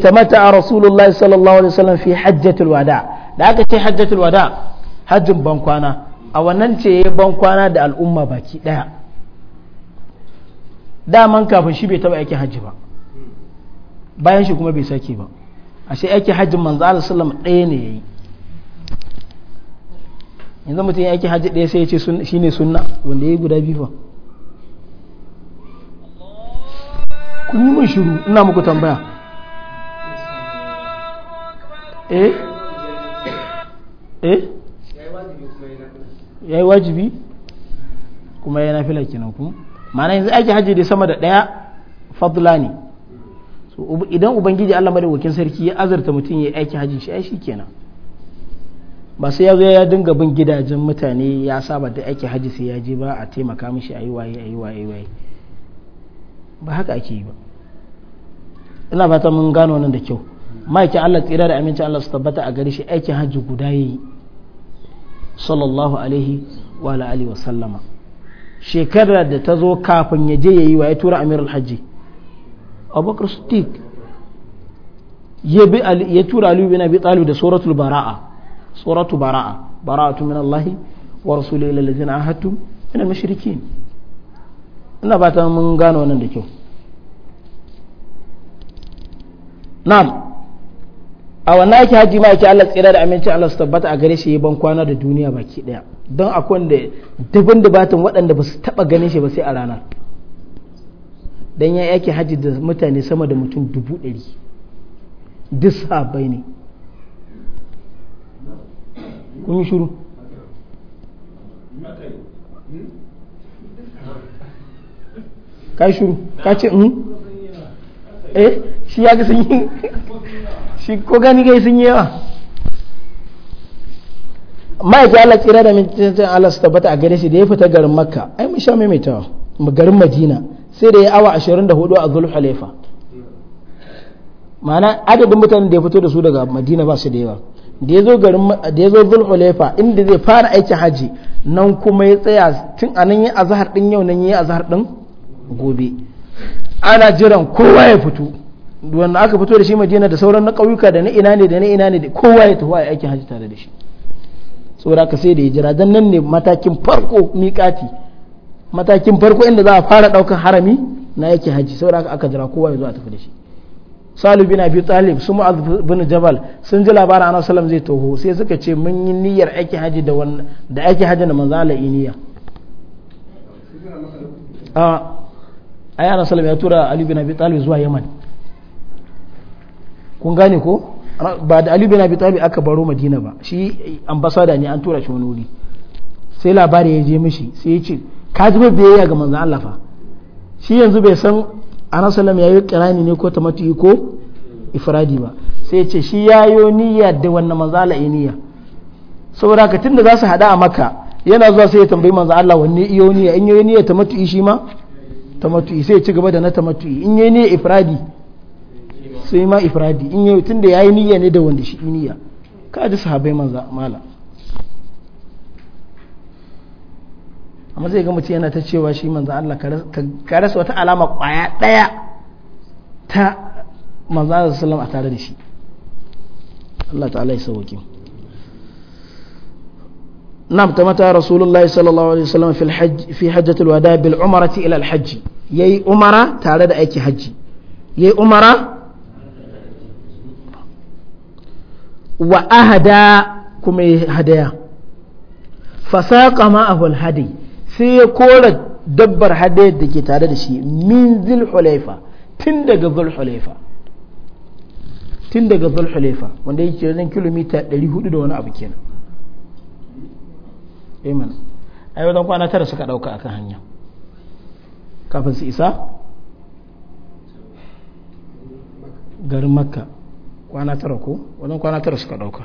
ta mata a rasulullahi sallallahu alaihi wasallam fi hajjatul wada da aka ce hajjatul wada hajjin bankwana a wannan ce ya yi bankwana da al'umma baki daya daman kafin shi bai taba aikin hajji ba bayan shi kuma bai sake ba ashe aikin hajjin manzo Allah sallallahu alaihi wasallam ɗaya ne yayi yanzu mutum ya aikin hajji ɗaya sai ya ce shine sunna wanda ya yi guda biyu ba kun yi mun shiru ina muku tambaya eh eh ya yi wajibi kuma ya nafila kenan ku ma'ana yanzu aiki hajji da sama da ɗaya fadlani ne idan ubangiji allah madawakin sarki ya azurta mutum ya aiki hajji shi ai shi kenan ba sai ya zo ya dinga bin gidajen mutane ya saba da aiki hajji sai ya je ba a taimaka mishi ayi waye ayi waye waye ba haka ake yi ba ina fata mun gano nan da kyau ma'aikin Allah tsira da amincin Allah su tabbata a gare shi aikin hajji guda yayi sallallahu alaihi wa alihi wa sallama shekarar da ta zo kafin ya je yayi wa ya tura amirul hajji abubakar siddiq ya tura aliyu bin abi talib da suratul bara'a suratul bara'a bara'atu min Allah wa rasulihi lil ladzina ahadtum min al-mushrikin ina ta mun gane wannan da kyau na'am a wannan ake haji ma yake Allah tsira da amincin Allah su tabbata a gare shi ban kwana da duniya baki daya don akwai wanda dubin dubatan waɗanda ba su taɓa ganin shi ba sai a rana don ya yake haji da mutane sama da mutum dubu ɗari duk bai ne kun yi kai shuru ka ce in hmm? eh shi ya ga sun yi shi ko gani gai sun yi yawa ma'aiki Allah tsira da mintin Allah su tabbata a gare shi da ya fita garin makka ai mun sha maimaitawa garin madina sai da ya awa 24 a zulhulaifa ma'ana adadin mutanen da ya fito da su daga madina ba su da yawa da ya zo garin da ya zo zulhulaifa inda zai fara aiki haji nan kuma ya tsaya tun anan yi azhar din yau nan yi azhar din gobe ana jiran kowa ya fito wanda aka fito da shi madina da sauran na ƙauyuka da na ina ne da na ina ne da kowa ya tafi a aikin hajji tare da shi saboda ka sai da ya jira dan nan ne matakin farko miƙati matakin farko inda za a fara ɗaukar harami na yake hajji saboda aka jira kowa ya zo a tafi da shi salu bin abi talib su mu'az bin jabal sun ji labarin annabi sallam zai toho sai suka ce mun yi niyyar aikin hajji da wannan da aikin hajji na manzala iniya a ah. ayyana salam ya tura ali bin abi talib zuwa yaman kun gane ko ba da ali bin abi talib aka baro madina ba shi ambasada ne an tura shi wani wuri sai labari ya je mishi sai ya ce ka ji biyayya ga manzon Allah fa shi yanzu bai san ana salam ya yi kirani ne ko tamati ko ifradi ba sai ya ce shi ya yi niyya da wannan manzon Allah niyya saboda ka tunda za su hada a maka yana zuwa sai ya tambayi manzon Allah wanne iyo niyya in yi niyya tamati shi ma tamattu'i sai ci gaba da na tamattu'i in yayi ne ifradi sai ma ifradi in tun da ya yi niyya ne da wanda shi niyya ka ji sahabai manza mala amma zai ga mutum yana ta cewa shi manza Allah ka rasa wata alama kwaya daya ta manzo Allah sallallahu a tare da shi Allah ta'ala ya sauke نعم تمتع رسول الله صلى الله عليه وسلم في الحج في حجة الوداع بالعمرة إلى الحج ya yi umara tare da aiki hajji ya yi umara wa ahada kuma ya hadaya fasaƙa ma'ahul hadi sai ya kora dabbar hadayar da ke tare da shi min zil hulaifa tun daga zil hulaifa tun daga zil hulaifa wanda yake wajen kilomita 400 da wani abu kenan amen ai wajen kwana tara suka dauka akan hanyar kafin su isa garin makka kwana tara ko wajen kwana tara suka ɗauka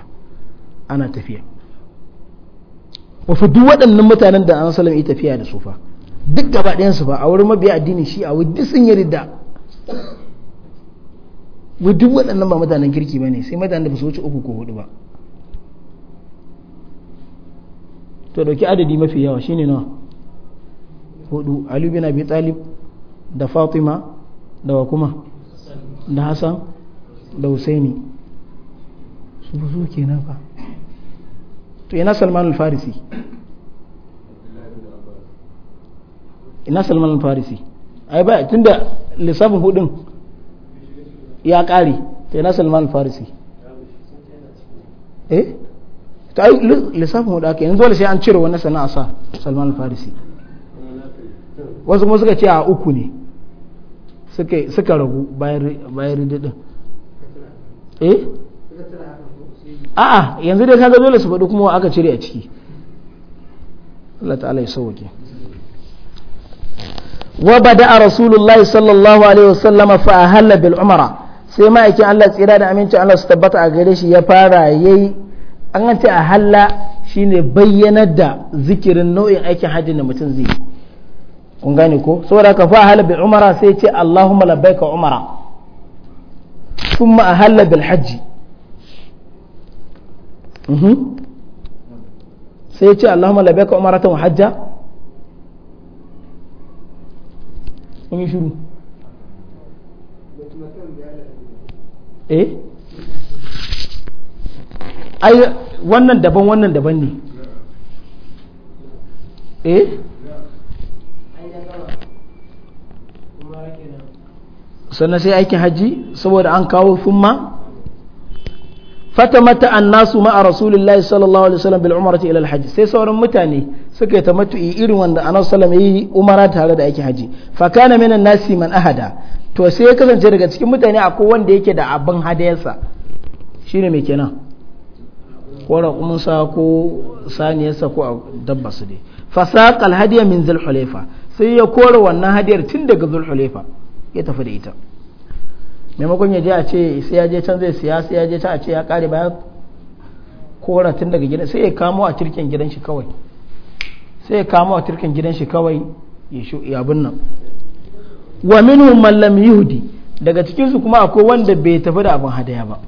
ana tafiya wafi duk waɗannan mutanen da an salam yi tafiya da sufa duk gaba ɗayansu ba a wurin mabiya addini shi a wadi sun yi ridda duk waɗannan ba mutanen kirki ba ne sai mutanen da ba su wuce uku ko hudu ba to dauki adadi mafi yawa shine nawa hudu ali bin abi talib da fatima da wa kuma da hassan da husaini su su kenan fa to ina salman al-farisi ina salman al-farisi ai ba tunda lissafin hudun ya kare to ina salman al-farisi eh to ai lissafin hudu ake yanzu wala sai an cire wannan sana'a sa salman al-farisi wasu kuma suka ce a uku ne suka ragu bayan rididin eh a'a yanzu dai kaga dole su faɗi kuma aka cire a ciki Allah ta'ala ya sauke wa bada rasulullahi sallallahu alaihi wasallam fa ahalla bil umara sai ma'aikin Allah tsira da aminci Allah su tabbata a gare shi ya fara yayi an ce ahalla shine bayyanar da zikirin nau'in aikin hajji da mutum zai yi kun gane ko saboda ka fa ahalla bil umara sai ce Allahumma labbaika umara kuma ahalla bil hajji mhm. sai ce Allahumma labbaika umara ta hajja kun yi shiru eh ai wannan daban wannan daban ne eh sannan sai aikin hajji saboda an kawo thumma fatamata annasu ma'a rasulillahi sallallahu alaihi wasallam bil umrati ila al hajj sai sauran mutane suka tamattu irin wanda annabi sallallahu alaihi wasallam yi umara tare da aikin haji fa kana minan nasi man ahada to sai ya kasance daga cikin mutane akwai wanda yake da abin hadayarsa shine me kenan ko raƙuminsa ko saniyarsa ko dabba su dai fasaqal hadiya min zulhulefa sai ya kora wannan hadiyar tun daga zulhulefa ya tafi da ita maimakon ya je a ce sai ya je can zai siya sai ya je ta a ce ya kare baya kora tun daga gidan sai ya kamo a turkin gidan shi kawai sai ya kamo a turkin gidan shi kawai ya shu abin nan wa minhum man lam yuhdi daga cikin su kuma akwai wanda bai tafi da abin hadaya ba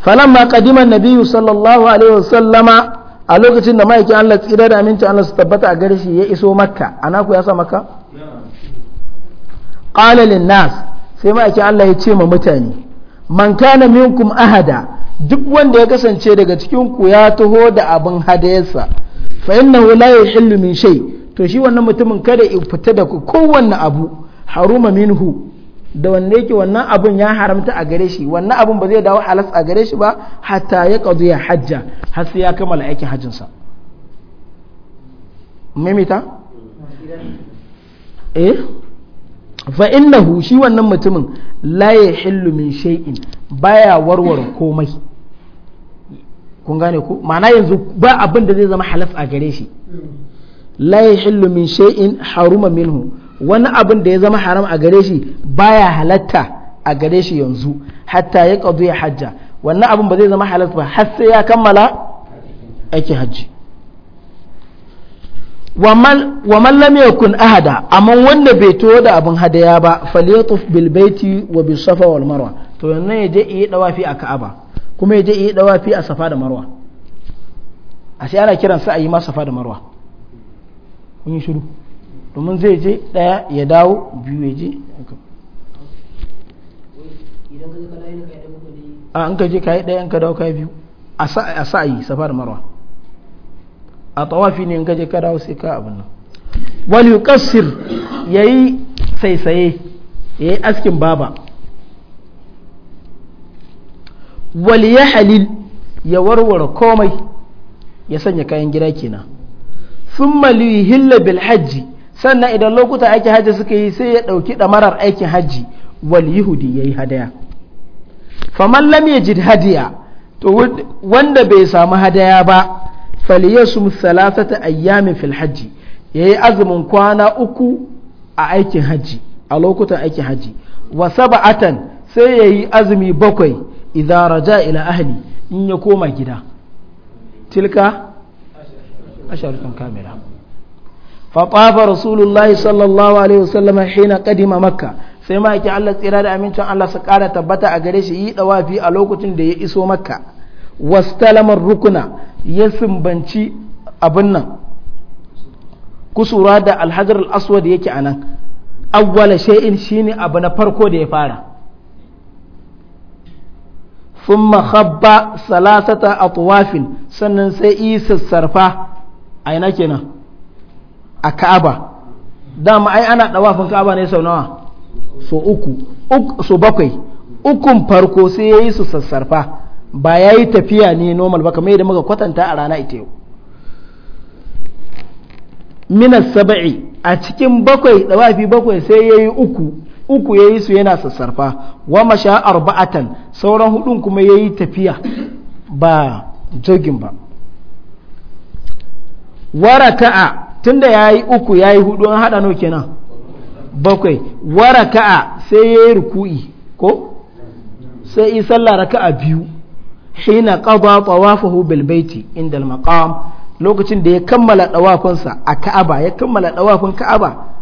falamma qadima nabiyyu sallallahu alaihi wasallama a lokacin da ma'aikin Allah tsira da aminci Allah su tabbata a gare shi ya iso makka ana ku ya sa makka qala lin nas sai ake Allah ya ce ma mutane man kana minkum ahada duk wanda ya kasance daga cikin ku ya taho da abin hadayarsa fa innahu la yahillu min shay to shi wannan mutumin kada ya fita da kowanne abu haruma minhu da wanne yake wannan abun ya haramta a gare shi wannan abun ba zai dawo halas a gare shi ba hatta ya kazu ya hajja har sai ya kammala aikin hajjinsa mimita eh fa innahu shi wannan mutumin la yahillu min shay'in baya warware komai kun gane ko ma'ana yanzu ba abin da zai zama halaf a gare shi la yahillu min shay'in haruma minhu wani abin da ya zama haram a gare shi baya halatta a gare shi yanzu hatta ya qadu ya hajja wannan abin ba zai zama halaf ba har sai ya kammala aiki hajji wa man lam yakun ahada amma wanda bai to da abin hadaya ba falyatuf bil baiti wa bis safa wal marwa to yannan je yi dawafi a ka'aba kuma je yi dawafi a safa da marwa a sai ana kiran sa a yi ma safa da marwa kun yi shiru domin zai je daya ya dawo biyu ya je a an ka je ka yi daya an ka dawo ka yi biyu a sa a yi safa da marwa a tawafi ne gaje ka dawo sai ka abin nan wal ya yi saisaye yayi askin baba ya halil ya warware komai ya sanya kayan gida kenan thumma liyuhilla bil hajji sannan idan lokuta aikin hajji suka yi sai ya ɗauki ɗamarar aikin hajji wal yahudi yi hadaya faman lam yajid hadiya to wanda bai samu hadaya ba falyasum thalathata ayyamin fil hajji yayi azumin kwana uku a aikin hajji a lokutan aikin hajji wa sab'atan sai yayi azumi bakwai idan raja ila ahli in ya koma gida tilka asharatun kamila فطاف رسول الله صلى الله عليه sai ma yake Allah tsira da amincin Allah su ƙara tabbata a gare shi yi dawafi a lokacin da ya iso makka wastalamar rukuna ya sumbanci abin nan kusura da alhajar da yake a nan awwala shay'in shine abu na farko da ya fara thumma khabba salasata atwafin sannan sai isa sarfa a ina kenan a ka'aba dama ai ana dawafin ka'aba ne sau nawa so uku so bakwai ukun farko sai ya yi su sassarfa ba ya yi tafiya ne normal ba kamar yadda muka kwatanta a rana ita yau minas saba'i a cikin bakwai dawafi bakwai sai ya yi uku uku ya yi su yana sassarfa wa masha arba'atan sauran hudun kuma ya yi tafiya ba jogin ba waraka'a tunda ya yi uku ya yi hudu an haɗa nau kenan bakwai waraka'a sai ya yi ruku'i ko sai yi sallah raka'a biyu hina qada tawafahu lokacin da ya kammala dawafinsa a Ka'aba ya kammala dawafin Ka'aba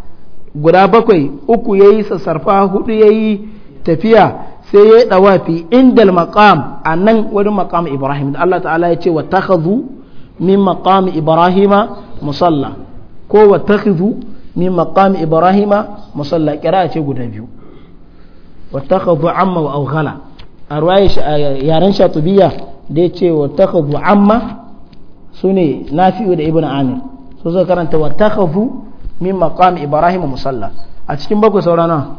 guda bakwai uku yayi sassarfa hudu yayi tafiya sai yayi dawafi inda al-maqam anan wurin maqam Ibrahim da Allah ta'ala ya ce wa takhadhu min maqam Ibrahima musalla ko wa takhadhu min maqam Ibrahima musalla kira ce guda biyu wa amma wa a ruwaye yaren shatubiya da ya ce wa takhafu amma su ne nafi'u da ibn amir su suka karanta wa takhafu min maqam ibrahim musalla a cikin bakwai saurana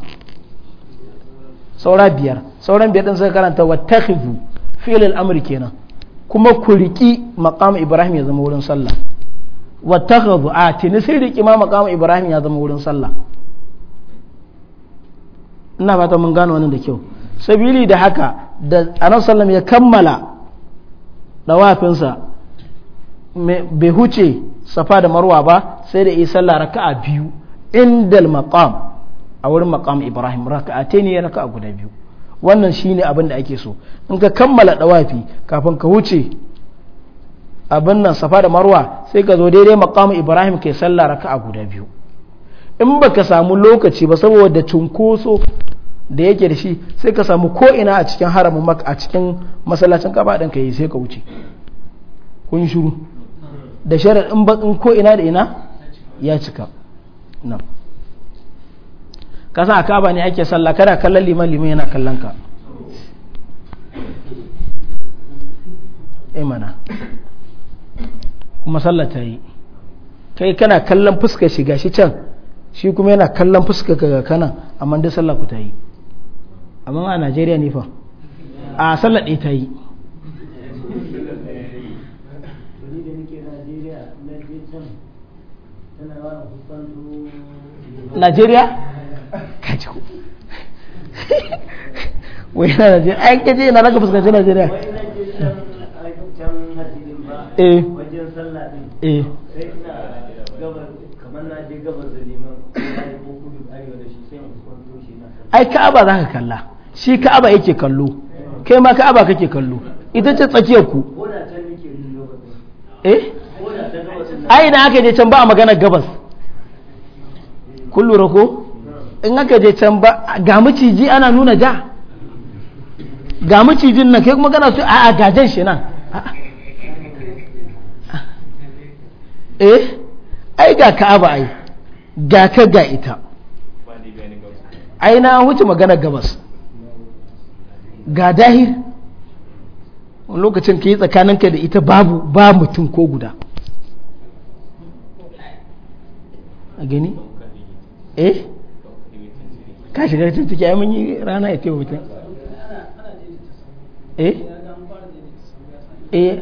saura biyar sauran biyar din suka karanta wa takhafu fi'l al-amr kenan kuma ku riki maqam ibrahim ya zama wurin sallah wa takhafu a tini sai riki ma maqam ibrahim ya zama wurin sallah ina fata mun gano wannan da kyau sabili da haka da anasallam ya kammala dawafinsa bai huce safa da marwa ba sai da isa raka'a biyu indal maqam a wurin maqam ibrahim raka'ate ne a guda biyu wannan shine abin da ake so in ka kammala dawafi kafin ka huce abin nan safa da marwa sai ka zo daidai maqam ibrahim kai sallah raka'a guda biyu in baka samu lokaci ba saboda cunkoso da yake da shi sai ka samu ko ina a cikin haramun maka a cikin masallacin kaba din ka yi sai ka wuce kun shiru da sharar in ba in ko ina da ina ya cika na kasa a kaba ne ake sallah kana kallon liman liman yana kallon ka imana eh kuma sallah ta yi kai kana kallon fuskar shi can shi kuma yana kallon fuskar ka ga kanan amma duk sallah ku ta yi amma a najeriya ne fa a sallar ɗaya ta yi najeriya kaji ku wai na najeriya ai kaje na daga fuskanci najeriya eh wajen sallah din eh ai ka'aba za ka kalla shi ka'aba yake kallo kai ma ka'aba kake kallo ita ce tsakiyar ku eh ai na aka je can ba a magana gabas kun lura ko in aka je can ba ga maciji ana nuna ja ga macijin na kai kuma kana su a gajen shi nan eh ai ga ka'aba ai ga ka ga ita ai na wuce magana gabas ga dahir lokacin ka yi tsakaninka da ita babu ba mutum ko guda a gani eh ka shiga da ciki ai mun yi rana ya tewa mutum eh eh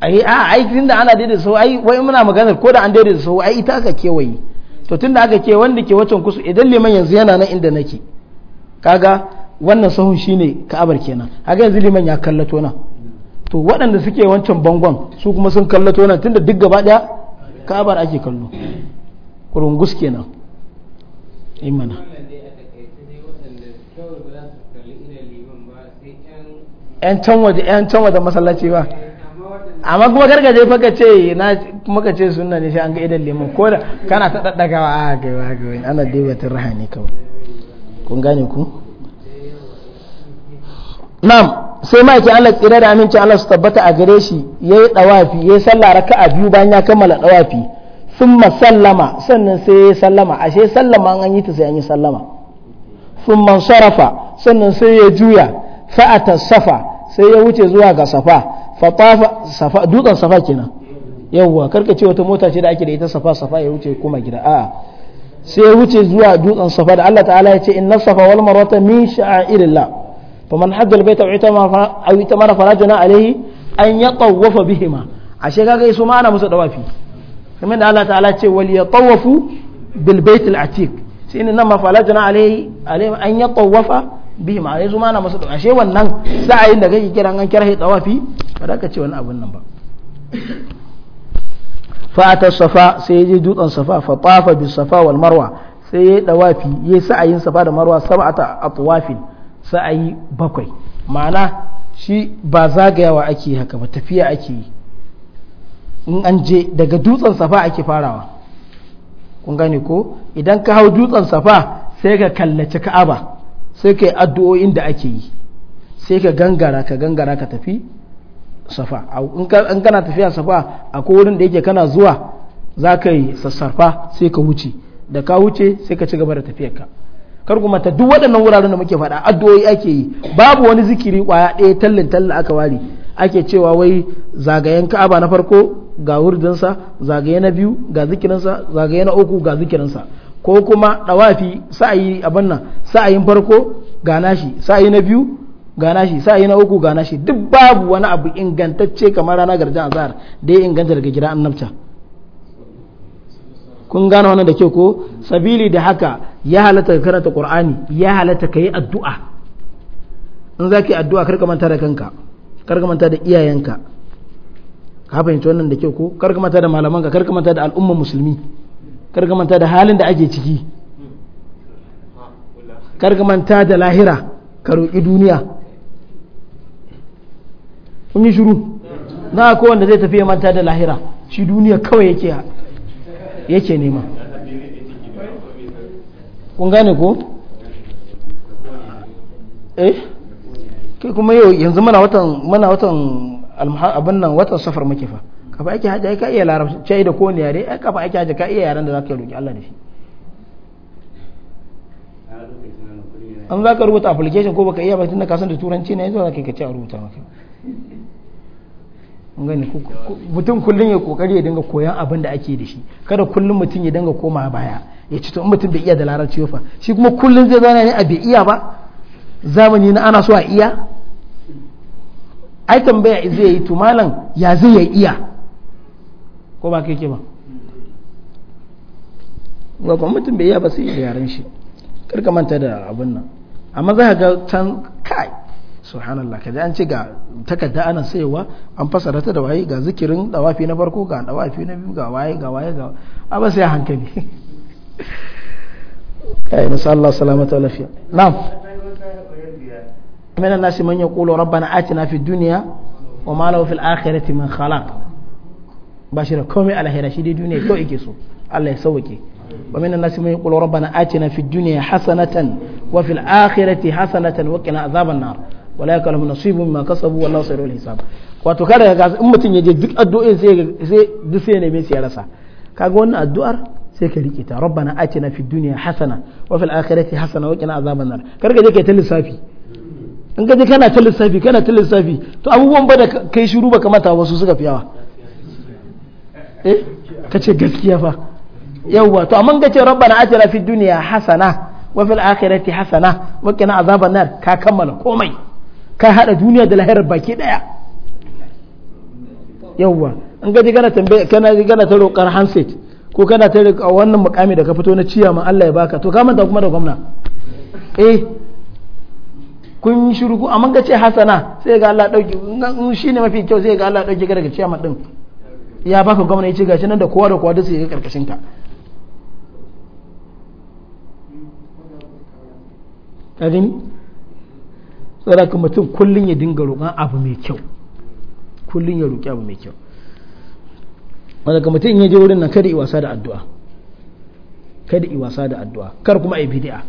ai a ai tun da ana daidaita sau ai wai muna maganar ko da an daidaita sau ai ita aka kewaye to tun da aka ke wanda ke wacan kusu idan liman yanzu yana nan inda nake kaga wannan sahun shine ka'abar kenan haka yanzu liman ya kallato nan to waɗanda suke wancan bangon su kuma sun kallato nan tunda duk gaba ɗaya ka'abar ake kallo kurungus kenan imana yan can waje yan can waje masallaci ba amma kuma gargaje fa ce na kuma ka ce sunna ne sai an ga idan liman ko da kana ta daddagawa a ga ga ana dibatin rahani kawai kun gane ku nam sai ma yake Allah tsira da aminci Allah su tabbata a gare shi yayi dawafi yayi sallah raka'a biyu bayan ya kammala dawafi thumma sallama sannan sai yayi sallama ashe sallama an yi ta sai an yi sallama thumma sarafa sannan sai ya juya fa'ata safa sai ya wuce zuwa ga safa fatafa safa dukan safa kenan yawwa karka ce wata mota ce da ake da ita safa safa ya wuce kuma gida a'a sai ya wuce zuwa dutsen safa da Allah ta'ala ya ce inna safa wal marwata min sha'airillah faman hajjal baita aw itamara fala juna alaihi an yatawafa bihima ashe kaga yaso ma ana musu dawafi kamar da Allah ta'ala ce wal yatawafu bil bait al atiq sai ma fala juna alaihi alaihi an yatawafa bihima yaso ma ana musu dawafi ashe wannan sa'ayin da kake kiran an kira dawafi ba za ka nan ba fa'ata safa sai ya dutsen safa fa tafa bis safa wal ya safa da marwa sab'ata atwafin yi bakwai ma'ana shi ba zagayawa ake haka ba tafiya ake yi in an je daga dutsen safa ake farawa kun gane ko idan ka hau dutsen safa sai ka kallace ka'aba sai ka yi addu'o'in da ake yi sai ka gangara ka gangara ka tafi safa in kana tafiya safa a wurin da yake kana zuwa za ka yi sassarfa sai ka wuce da ka wuce sai ka ci gaba da tafiyarka kar ku ta duk waɗannan wuraren da muke faɗa addu'o'i ake yi babu wani zikiri kwaya ɗaya tallin talla aka ware ake cewa wai zagayen ka'aba na farko ga wurdinsa zagaye na biyu ga zikirinsa zagaye na uku ga zikirinsa ko kuma ɗawafi sa'ayi abin nan sa'ayin farko ga nashi sa'ayi na biyu ga nashi sa'ayi na uku ga nashi duk babu wani abu ingantacce kamar rana garjan azhar da ya inganta daga gidan annabta kun gane wannan da ke ko sabili da haka ya halatta ka karanta qur'ani ya halatta ka yi addu'a in za ka yi addu'a karka manta da kanka karka manta da iyayenka ka fahimci wannan da ke ko karka manta da malamanka karka manta da al'umma musulmi karka manta da halin da ake ciki karka manta da lahira ka roƙi duniya kun yi shiru na ko wanda zai tafi ya manta da lahira shi duniya kawai yake yake nema kun gane ko eh kai kuma yau yanzu mana watan mana watan abin nan watan safar muke fa kafa ake haja ka iya larabci da kowane yare ai kafa ake haja ka iya yaran da zaka roki Allah da shi an zaka rubuta application ko baka iya ba tunda ka san da turanci ne yanzu zaka kai ka ci a rubuta maka gani mutum kullum ya kokari ya dinga koyan abin da ake da shi kada kullum mutum ya dinga koma baya ya ci tun mutum bai iya da larar fa shi kuma kullum zai zana ne a bai iya ba zamani na ana so a iya ai tambaya zai yi tumalan malam ya zai ya iya ko ba kai ke ba ga kuma mutum bai iya ba sai da yaran shi karka manta da abin nan amma za ka ga can kai subhanallah kaji an ce ga takarda ana sayewa an fasara ta da waye ga zikirin dawafi na farko ga dawafi na biyu ga waye ga waye ga sai hankali kai nasu Allah salamata lafiya na'am من الناس من يقول ربنا آتنا في الدنيا وما له في الآخرة من خلاق باشر كومي على هنا شدي دنيا كو إكسو الله يسوك ومن الناس من يقول ربنا آتنا في الدنيا حسنة وفي الآخرة wala yakalum nasibun ma kasabu wallahu sayrul hisab wato kada ga in mutun yaje duk addu'in sai sai duk sai ne mai ya rasa kaga wannan addu'ar sai ka rike ta rabbana atina fid dunya hasana wa fil akhirati hasana wa qina azaban nar karka je kai ta lissafi in ka je kana ta lissafi kana ta lissafi to abubuwan ba da kai shiru ba kamata wasu suka fi yawa eh ka ce gaskiya fa yawwa to amma ka ce rabbana atina fid dunya hasana wa fil akhirati hasana wa qina azaban nar ka kammala komai ka hada duniya da lahirar baki daya yawwa an gaji gana tambaya kana gana ta roƙar handset ko kana ta roƙa wannan mukami da ka fito na ciyama Allah ya baka to ka manta kuma da gwamna eh kun shiru ku amma ka ce hasana sai ga Allah dauki in shine mafi kyau sai ga Allah dauki ka daga ciyama din ya baka gwamna ya ce gashi nan da kowa da kowa da su yi karkashin ka ka saboda mutum kullum ya dinga roƙon abu mai kyau kullum ya roƙi abu mai kyau wanda mutum ya je wurin nan kada iwasa wasa da addu'a kada iwasa wasa da addu'a kar kuma ai bid'a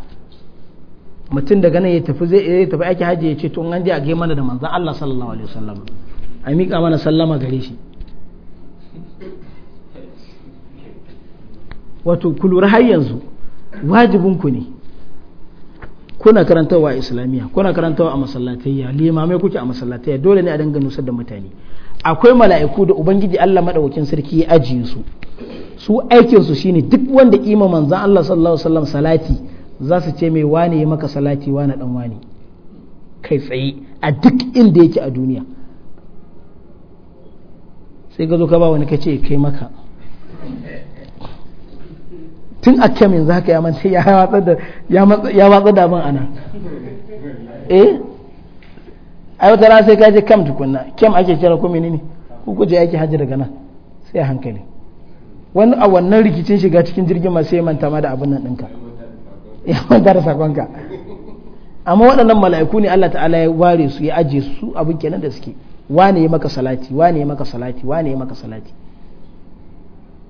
mutum daga nan ya tafi zai ya tafi aiki hajji ya ce to an je a gai mana da manzon Allah sallallahu alaihi wasallam a miƙa mana sallama gare shi wato ku lura har yanzu wajibin ku ne kuna karantawa a islamiyya kuna karantawa a masallatayya limamai kuke a masallatayya dole ne a dinga nusar da mutane akwai mala'iku da ubangiji Allah madaukakin sarki ya ajiye su su aikin su shine duk wanda ima manzon Allah sallallahu alaihi wasallam salati za su ce mai wane ya maka salati wane dan wane kai tsaye a duk inda yake a duniya sai ka zo ka ba wani ka ce kai maka tun a kyam yanzu haka ya manta ya watsa da ban ana eh ai wata rana sai ka je kam tukunna kyam ake kira ko menene ko kuje yake hajji daga nan sai a hankali wani a wannan rikicin shiga cikin jirgin ma sai manta ma da abin nan ɗinka ya manta da sakonka amma waɗannan mala'iku ne Allah ta'ala ya ware su ya aje su abin kenan da suke wane ya maka salati wane ya maka salati wane ya maka salati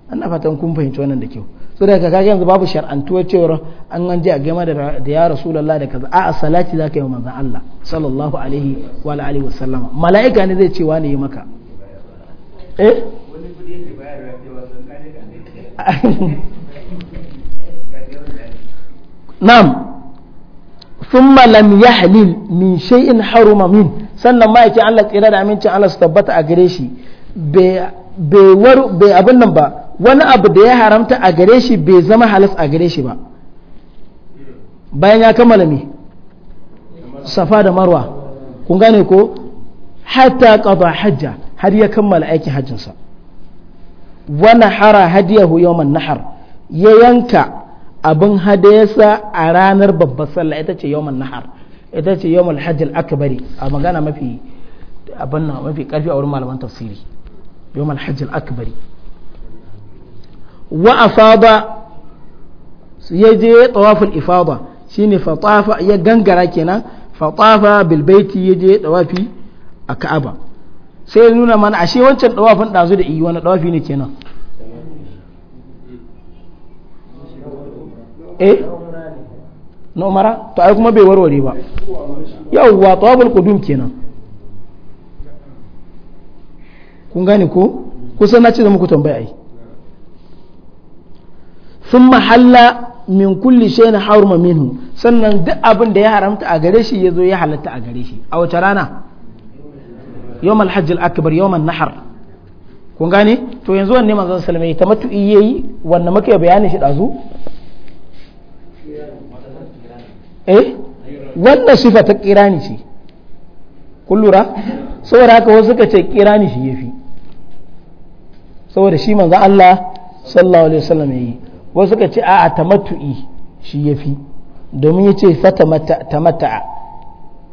ana fatan kun fahimci wannan da kyau so daga kaga yanzu babu shar'antuwa cewar an ganje a game da ya rasulullah da kaza a'a salati zaka yi manzon Allah sallallahu alaihi wa alihi wasallama mala'ika ne zai ce wani yi maka eh na'am ثم لم يحلل من شيء حرم من sannan ma'aikin Allah tsira da amincin Allah su tabbata a gare shi bai bai abin nan ba wani abu da ya haramta a gare shi bai zama halas a gare shi ba bayan ya kammala me safa da marwa kun gane ko hatta qada hajja har ya kammala aikin hajjinsa wani hara hadiyahu yawman nahar ya yanka abin hadayasa a ranar babbar sallah ita ce yawman nahar ita ce yawman hajjil akbari a magana mafi abin mafi karfi a wurin malaman tafsiri yawm wa afada ya je tawaful ifada shine fa tafa ya gangara kenan fa tafa ya je tawafi a ka'aba sai nuna mana ashe wancan tawafin tawafi ne kenan eh na umara kuma bai warware ba yawwa tawaful qudum kenan kun gane ko kusan na ce da muku tambaya ai sun mahalla min kulli shay na haruma minhu sannan duk abin da ya haramta a gare shi ya zo ya halatta a gare shi a wace rana yawm alhajj al-akbar yawm kun gane to yanzu wani wanne manzon sallallahu ta wasallam tamattu yi wanda muke bayanin shi ɗazu. eh wannan sifa ta kirani ce kun lura saboda haka wasu suka ce kirani shi fi. saboda shi manzo Allah sallallahu alaihi wasallam yi wasu suka ce a tamattu'i shi yafi domin yace fatamata tamatta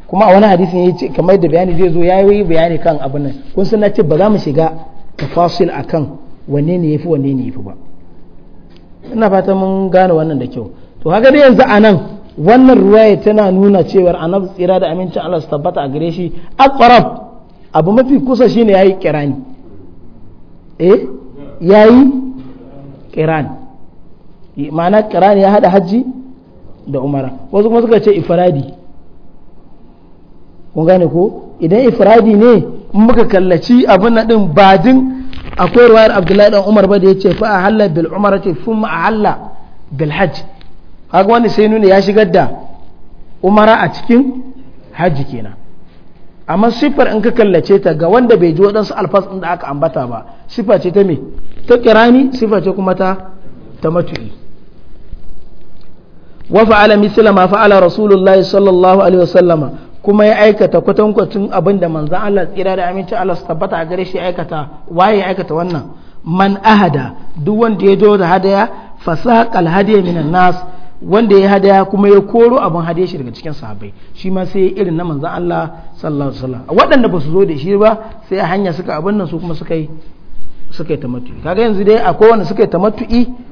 kuma a wani hadisi ne yace kamar da bayani zai zo yayi bayani kan abin nan kun san nace ba za mu shiga tafasil akan wanne ne yafi wanne ne yafi ba ina fata mun gane wannan da kyau to haka dai yanzu anan wannan ruwaya tana nuna cewar annabi tsira da amincin Allah su tabbata a gare shi abu mafi kusa shine yayi kirani eh yayi kiran ma'ana kiran ya hada hajji da umara wasu kuma suka ce ifradi kun gane ko idan ifradi ne in muka kallaci abin na din badin akwai ruwayar abdullahi dan umar ba da ya ce fa ahalla bil umarati thumma ahalla bil hajj kaga wani sai nuna ya shigar da umara a cikin hajji kenan amma siffar in ka kallace ta ga wanda bai ji waɗansu alfas ɗin da aka ambata ba siffa ce ta me ta kirani siffa ce kuma ta tamatu'i wa fa'ala misla ma fa'ala rasulullahi sallallahu alaihi wasallama kuma ya aikata kwatankwacin abin da manzan Allah tsira da aminci Allah su tabbata a gare shi aikata waye ya aikata wannan man ahada duk wanda ya jo da hadaya fasaqal hadiya minan nas wanda ya hadaya kuma ya koro abin hade shi daga cikin sahabbai shi ma sai irin na manzan Allah sallallahu alaihi wasallam waɗanda ba su zo da shi ba sai a hanya suka abin nan su kuma suka yi suka yi tamattu kaga yanzu dai akwai wanda suka yi tamattu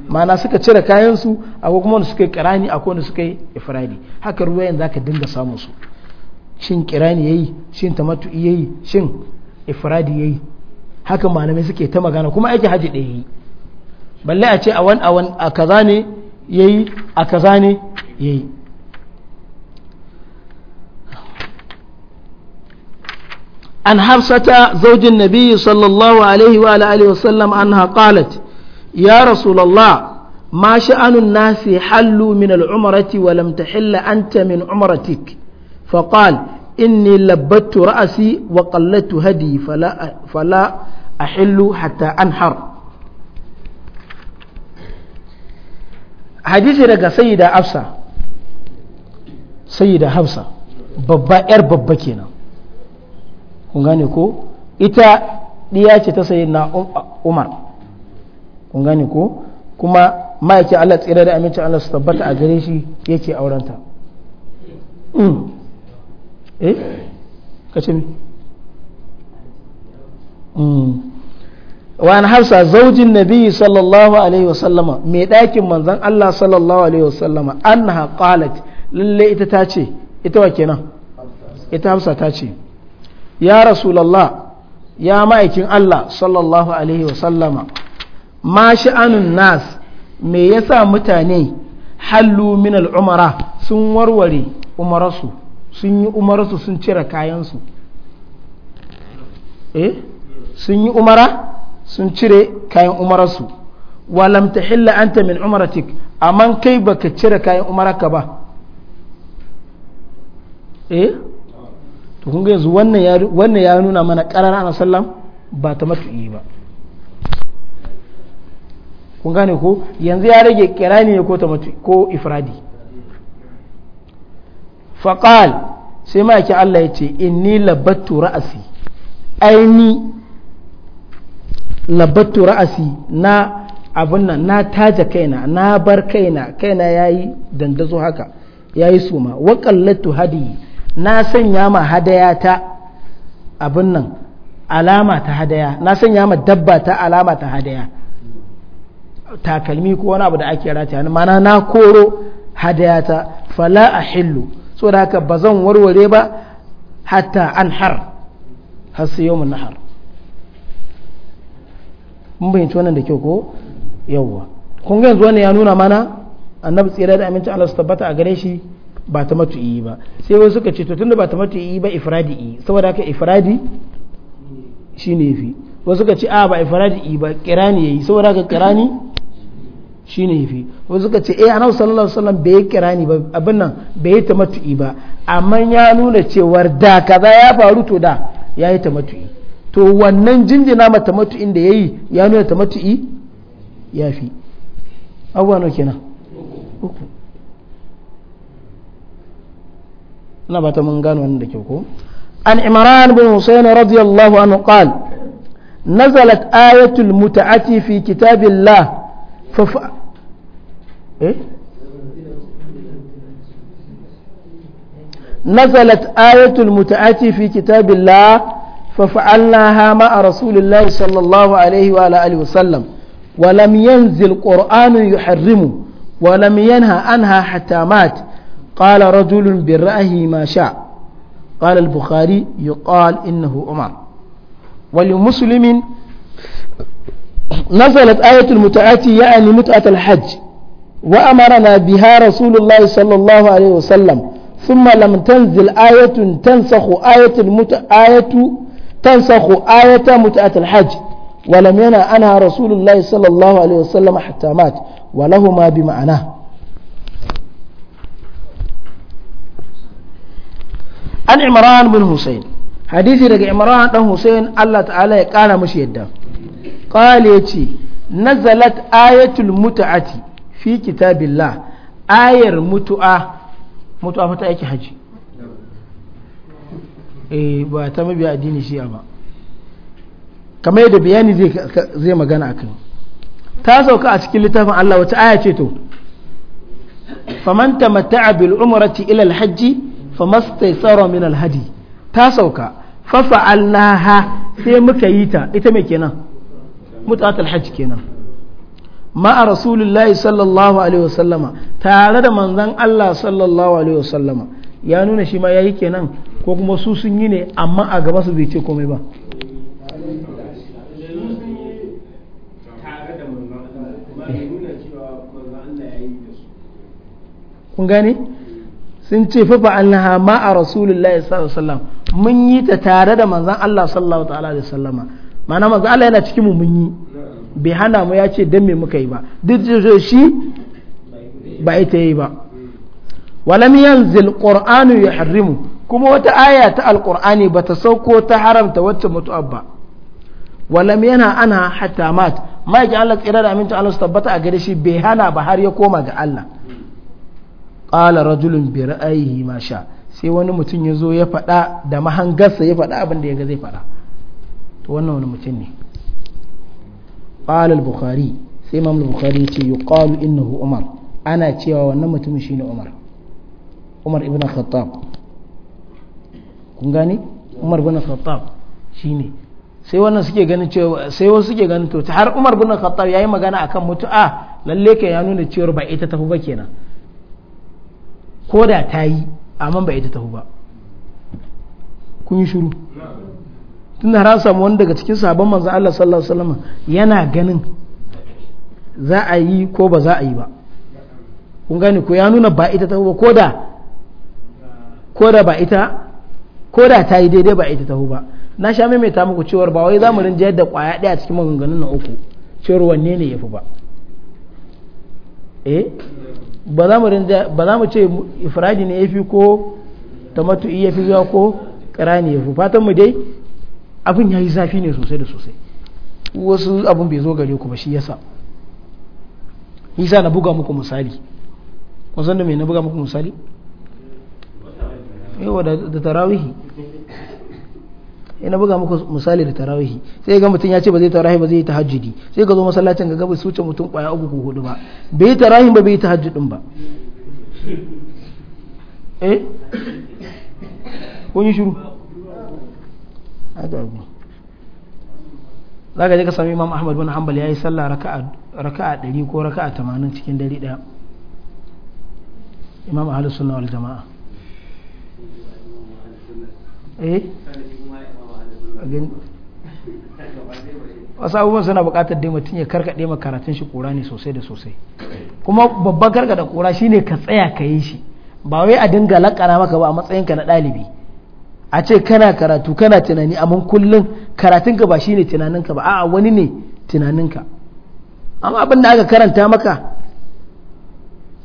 ma'ana suka cire kayan su akwai kuma wanda suka yi kirani akwai wanda suka yi ifradi haka ruwa yanzu zaka dinga samu su shin kirani yayi shin tamattu yayi shin ifradi yayi haka malamai suke ta magana kuma aiki haji ɗaya yi balle a ce a wani a kaza ne yayi yi ya yi an hafsata zaujin nabi sallallahu alaihi wa alaihi an haƙalat ya rasulallah ma sha'anun nasi hallu min al'umarati wa lam tahilla anta min umaratik faqal inni labbattu ra'asi wa qallatu hadi fala fala ahillu hatta anhar hadisi daga sayyida Afsa sayyida hafsa babba yar babba kenan kun gane ko ita diya ce ta na umar kun gane ko kuma ma'aikin Allah tsira da amincin Allah su tabbata a gare shi yake aurenta mm. eh ka ce mi wa an hafsa zaujin nabi sallallahu alaihi wasallama mai ɗakin manzan Allah sallallahu alaihi wasallama annaha qalat lalle ita ta ce ita wa kenan ita hafsa ta ce ya rasulullah ya ma'aikin Allah sallallahu alaihi wasallama ma nas me yasa mutane hallu min al'umara sun warware umararsu sun yi sun cire kayansu eh sun yi umara sun cire kayan umararsu wa lam tahilla anta min umaratik amma kai baka cire kayan umararka ba eh to kun ga yanzu wannan ya wannan ya nuna mana qarar an sallam ba ta matu'i ba kun gane ko yanzu ya rage kirani ne ko ta ko ifradi faqal sai ma yake Allah ya ce inni labattu ra'asi aini labattu ra'asi na abin nan na taja kaina na bar kaina kaina yayi dandazo haka yayi suma wa qallatu hadi na sanya ma hadaya ta abin nan alama ta hadaya na sanya ma dabba ta alama ta hadaya takalmi ko wani abu da ake rataya mana na koro hadaya ta fala ahillu saboda haka bazan warware ba hatta anhar har sai yawmun nahar mun bayyance wannan da kyau ko yawwa kun ga yanzu wannan ya nuna mana annabi tsira da aminci Allah su tabbata a gare shi ba ta yi ba sai wasu suka ce to tunda ba ta yi ba ifradi saboda haka ifradi shine yafi wasu suka ce a ba ifradi ba kirani yayi saboda haka kirani shine yafi wasu suka ce eh annabi sallallahu alaihi wasallam bai kirani ba abin nan bai ta yi ba amma ya nuna cewar da kaza ya faru to da yayi ta yi to wannan jinjina mata tamattu'in da yi ya nuna tamattu'i ya fi abuwa nawa kenan uku ina ba ta mun gano wannan da kyau ko an imran bin husayn radiyallahu anhu qal nazalat ayatul muta'ati fi kitabillah fa eh نزلت آية المتعة في كتاب الله ففعلناها مع رسول الله صلى الله عليه وعلى آله وسلم ولم ينزل قرآن يحرمه ولم ينهى عنها حتى مات قال رجل برأيه ما شاء قال البخاري يقال إنه أمر ولمسلم نزلت آية المتعة يعني متعة الحج وأمرنا بها رسول الله صلى الله عليه وسلم ثم لم تنزل آية تنسخ آية المتعة آية تنسخ آية متعة الحج ولم ينه عنها رسول الله صلى الله عليه وسلم حتى مات ولهما بمعناه عن عمران بن حسين حديث رجع عمران بن حسين الله تعالى قال مش يدا قال يتي نزلت آية المتعة في كتاب الله آية المتعة متعة فتاة حج Eh, ba ta mabiya addini shi ba kamar yadda bayani zai magana a kan ta sauka a cikin littafin Allah wata aya ce to faman mata'a bil umrati ila al fa mastaysara min al hadi ta sauka fa fa'alnaha sai muka yi ta ita me kenan mutatul hajj kenan ma a rasulullahi sallallahu alaihi wasallama tare da manzon Allah sallallahu alaihi wasallama ya nuna shi ma yayi kenan ko kuma su sun yi ne amma a gaba su bai ce komai ba kun gane sun ce fafa allaha ma a rasulullahi sallallahu alaihi mun yi ta tare da manzan Allah sallallahu ta'ala alaihi wasallama ma'ana manzan Allah yana cikin mu mun yi bai hana mu ya ce dan me muka yi ba duk da shi ba ita yi ba walam yanzil qur'anu yuharrimu kuma wata aya ta alkur'ani ba ta sauko ta haramta wacce mutuwa ba walam yana ana hatta mat ma'aikin Allah tsira da aminta Allah su tabbata a gare shi bai hana ba har ya koma ga Allah qala rajulun bi ra'ayihi ma sha sai wani mutum ya zo ya faɗa da mahangarsa ya faɗa abin da ya ga zai faɗa to wannan wani mutum ne qala al-bukhari sai imam al-bukhari ya ce yuqalu innahu umar ana cewa wannan mutumin shine umar umar ibn khattab kun gane umar bin khattab shine sai wannan suke ganin cewa sai wasu suke ganin to har umar bin khattab yayi magana akan mutu'a ah, lalle kai ya nuna cewa ba ita tafi ba kenan ko da ta yi amma ba ita tafi ba kun yi shiru tun har an samu wani daga cikin sabon manzan Allah sallallahu alaihi wasallam yana ganin za a yi ko ba za a yi ba kun gane ko ya nuna ba ita tafi ba ko da ko da ba ita ko da ta yi daidai ba ita taho ba na sha maimaita muku cewar ba wai za mu rinjayar da kwaya ɗaya cikin maganganun na uku cewar wanne ne ya fi ba eh ba za mu ce ifradi ne ya fi ko tamatu iya fi zuwa ko kirani ya fi fatan mu dai abin ya yi zafi ne sosai da sosai wasu abin bai zo gare ku ba shi yasa yasa na buga muku misali kun san da me na buga muku misali yawa da tarawihi ina buga muku misali da tarawihi sai ga mutum ya ce ba zai tarawihi ba zai yi tahajjudi sai ka zo masallacin ga gaba su wuce mutum kwaya uku ko hudu ba bai yi tarawihin ba bai yi tahajjudin ba eh kun yi shiru za ka je ka sami imam ahmad bin hanbal ya yi sallah raka'a ɗari ko raka'a tamanin cikin dare ɗaya imam ahlus sunna wal jama'a e wasu abubuwan suna buƙatar dai mutum ya karkaɗe makaratun shi kura ne sosai da sosai kuma babban karkaɗa kura shine ka tsaya ka yi shi ba wai a dinga lakana maka ba a matsayinka na ɗalibi a ce kana karatu kana tunani amma kullum karatunka ba shine tunaninka ba a'a wani ne tunaninka amma abin da aka karanta maka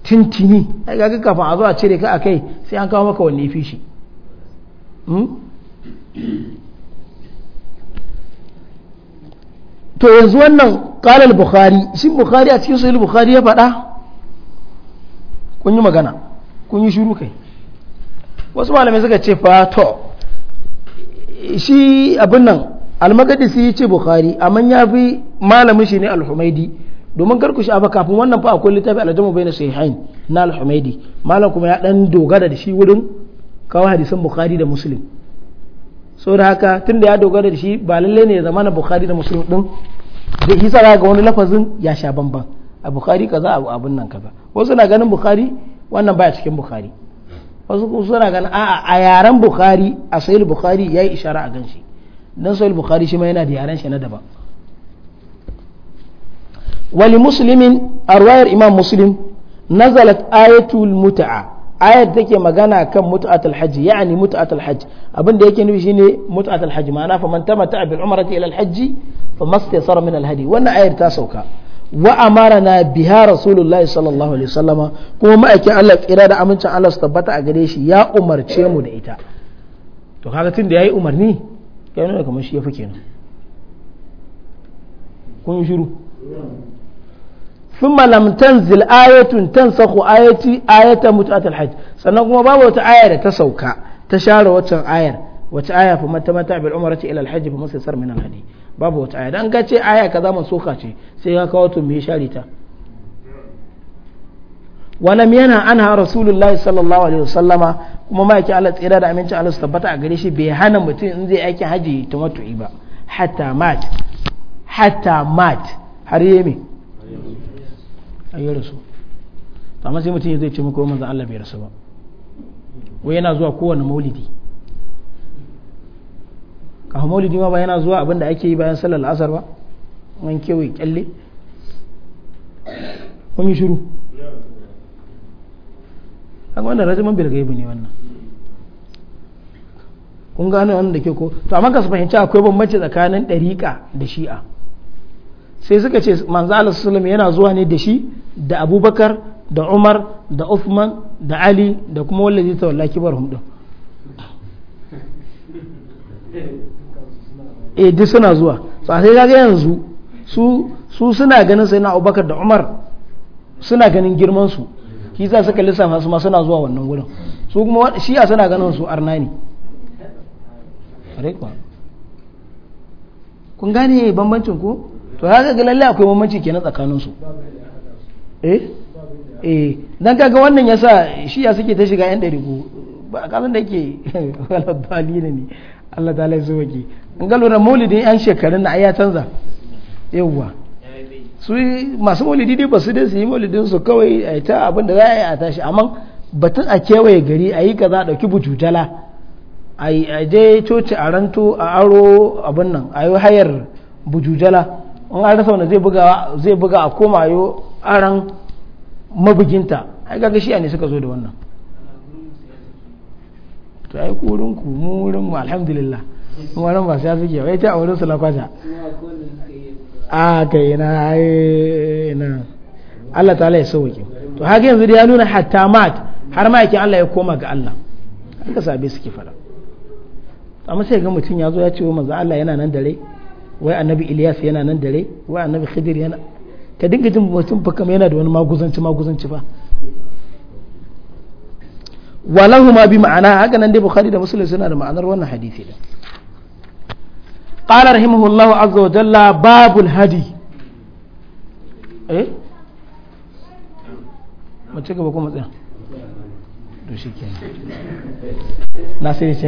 tintini ai kafin a zo a cire ka a kai sai an kawo maka wanne fishi hmm? to yanzu wannan kalal bukhari shi bukhari a cikin sahih bukhari ya faɗa kun yi magana kun yi shiru kai wasu malamai suka ce fa to shi abin nan almakadisi ya ce bukhari amma ya fi malamin shi ne alhumaidi domin karku shi abu kafin wannan fa akwai littafi aljamu bai na sahihain na alhumaidi malam kuma ya dan dogara da shi wurin kawo hadisan bukhari da muslim saboda haka tun da ya dogara da shi ba lallai ne ya zama na bukhari da muslim din da hisa za ga wani lafazin ya sha bamban a bukhari kaza abu abun nan kaza wasu na ganin bukhari wannan baya cikin bukhari wasu kuma suna ganin a'a a yaren bukhari a sahih bukhari yayi ishara a gan shi dan sahih bukhari shi ma yana da yaren shi na daban wali muslimin a ruwayar imam muslim nazalat ayatul muta'a ayar da take magana kan mutu'atul hajji yani mutu'atul hajji abin da yake nufi shine mutu'atul hajji ma'ana fa man tamata bil umrati ila al fa mastaysara min al wannan ayar ta sauka wa amarana biha rasulullahi sallallahu alaihi wasallama kuma ma'aikin Allah kira da amincin Allah su tabbata a gare shi ya umarce mu da ita to kaga tun da yayi umarni kai nuna kamar shi yafi kenan kun shiru ثم لم تنزل آية تنسخ آية آية متعة الحج sannan kuma babu wata aya da ta sauka ta share waccan ayar wata aya fa mata mata bil umrati ila al hajj fa musassar min al hadi babu wata aya dan ka ce aya kaza mansuka ce sai ka kawo to me share ta walam yana anha rasulullahi sallallahu alaihi wasallama kuma ma yake Allah tsira da aminci Allah tabbata a gare shi bai hana mutum in zai aikin haji tamattu'i ba hatta mat hatta mat har yemi a yi rasu amma sai mutum zai ce muku wa manzan Allah bai rasu ba wai yana zuwa kowane maulidi kafin maulidi ma ba yana zuwa abin da ake yi bayan sallar asar ba wani kewaye kyalle kun yi shiru haka wannan rajiman bilgaibu ne wannan kun gane wannan da ke ko to amma ka su fahimci akwai bambanci tsakanin ɗariƙa da shi'a sai suka ce manzo Allah sallallahu yana zuwa ne da shi da Abubakar da Umar da Uthman da Ali da kuma wallazi tawalla kibarhum din eh duk suna zuwa sai kaga yanzu su su suna ganin sai na Abubakar da Umar suna ganin girman su shi za suka lissafa su ma suna zuwa wannan gurin su kuma shi ya suna ganin su arna ne kun gane bambancin ku to haka ga lalle akwai bambanci kenan tsakanin su eh eh dan kaga wannan yasa shi ya suke ta shiga yan dari ko ba kalan da yake walabali ne Allah ta'ala ya zuwaki an ga lura maulidin yan shekarun na ayya canza yawwa su masu maulidi dai ba su dai su yi maulidin su kawai a ta abin da za a yi a tashi amma batun a kewaye gari a yi kaza a ɗauki bututala a je coci a ranto a aro abin nan a yi hayar bujujala in an rasa wanda zai buga a koma yau aran mabuginta ai kaga shi ne suka zo da wannan to ai kurin wurin ku mu wurin mu alhamdulillah mu wurin ba sai suke wai ta a wurin sulakwasa lakwata a kai na ai na Allah ta ya sauke to haka yanzu da ya nuna hatta mat har ma yake Allah ya koma ga Allah haka sabe suke fara amma sai ga mutum ya zo ya ce wa manzo Allah yana nan da rai wai annabi Ilyas yana nan dare wai annabi Khidir yana ka dinga jin mutum fa kamar yana da wani maguzanci maguzanci fa walahuma bi ma'ana haka nan dai Bukhari da Muslim suna da ma'anar wannan hadisi da قال رحمه الله عز وجل باب الهدي eh mace gaba kuma tsaya to shi kenan na sai ce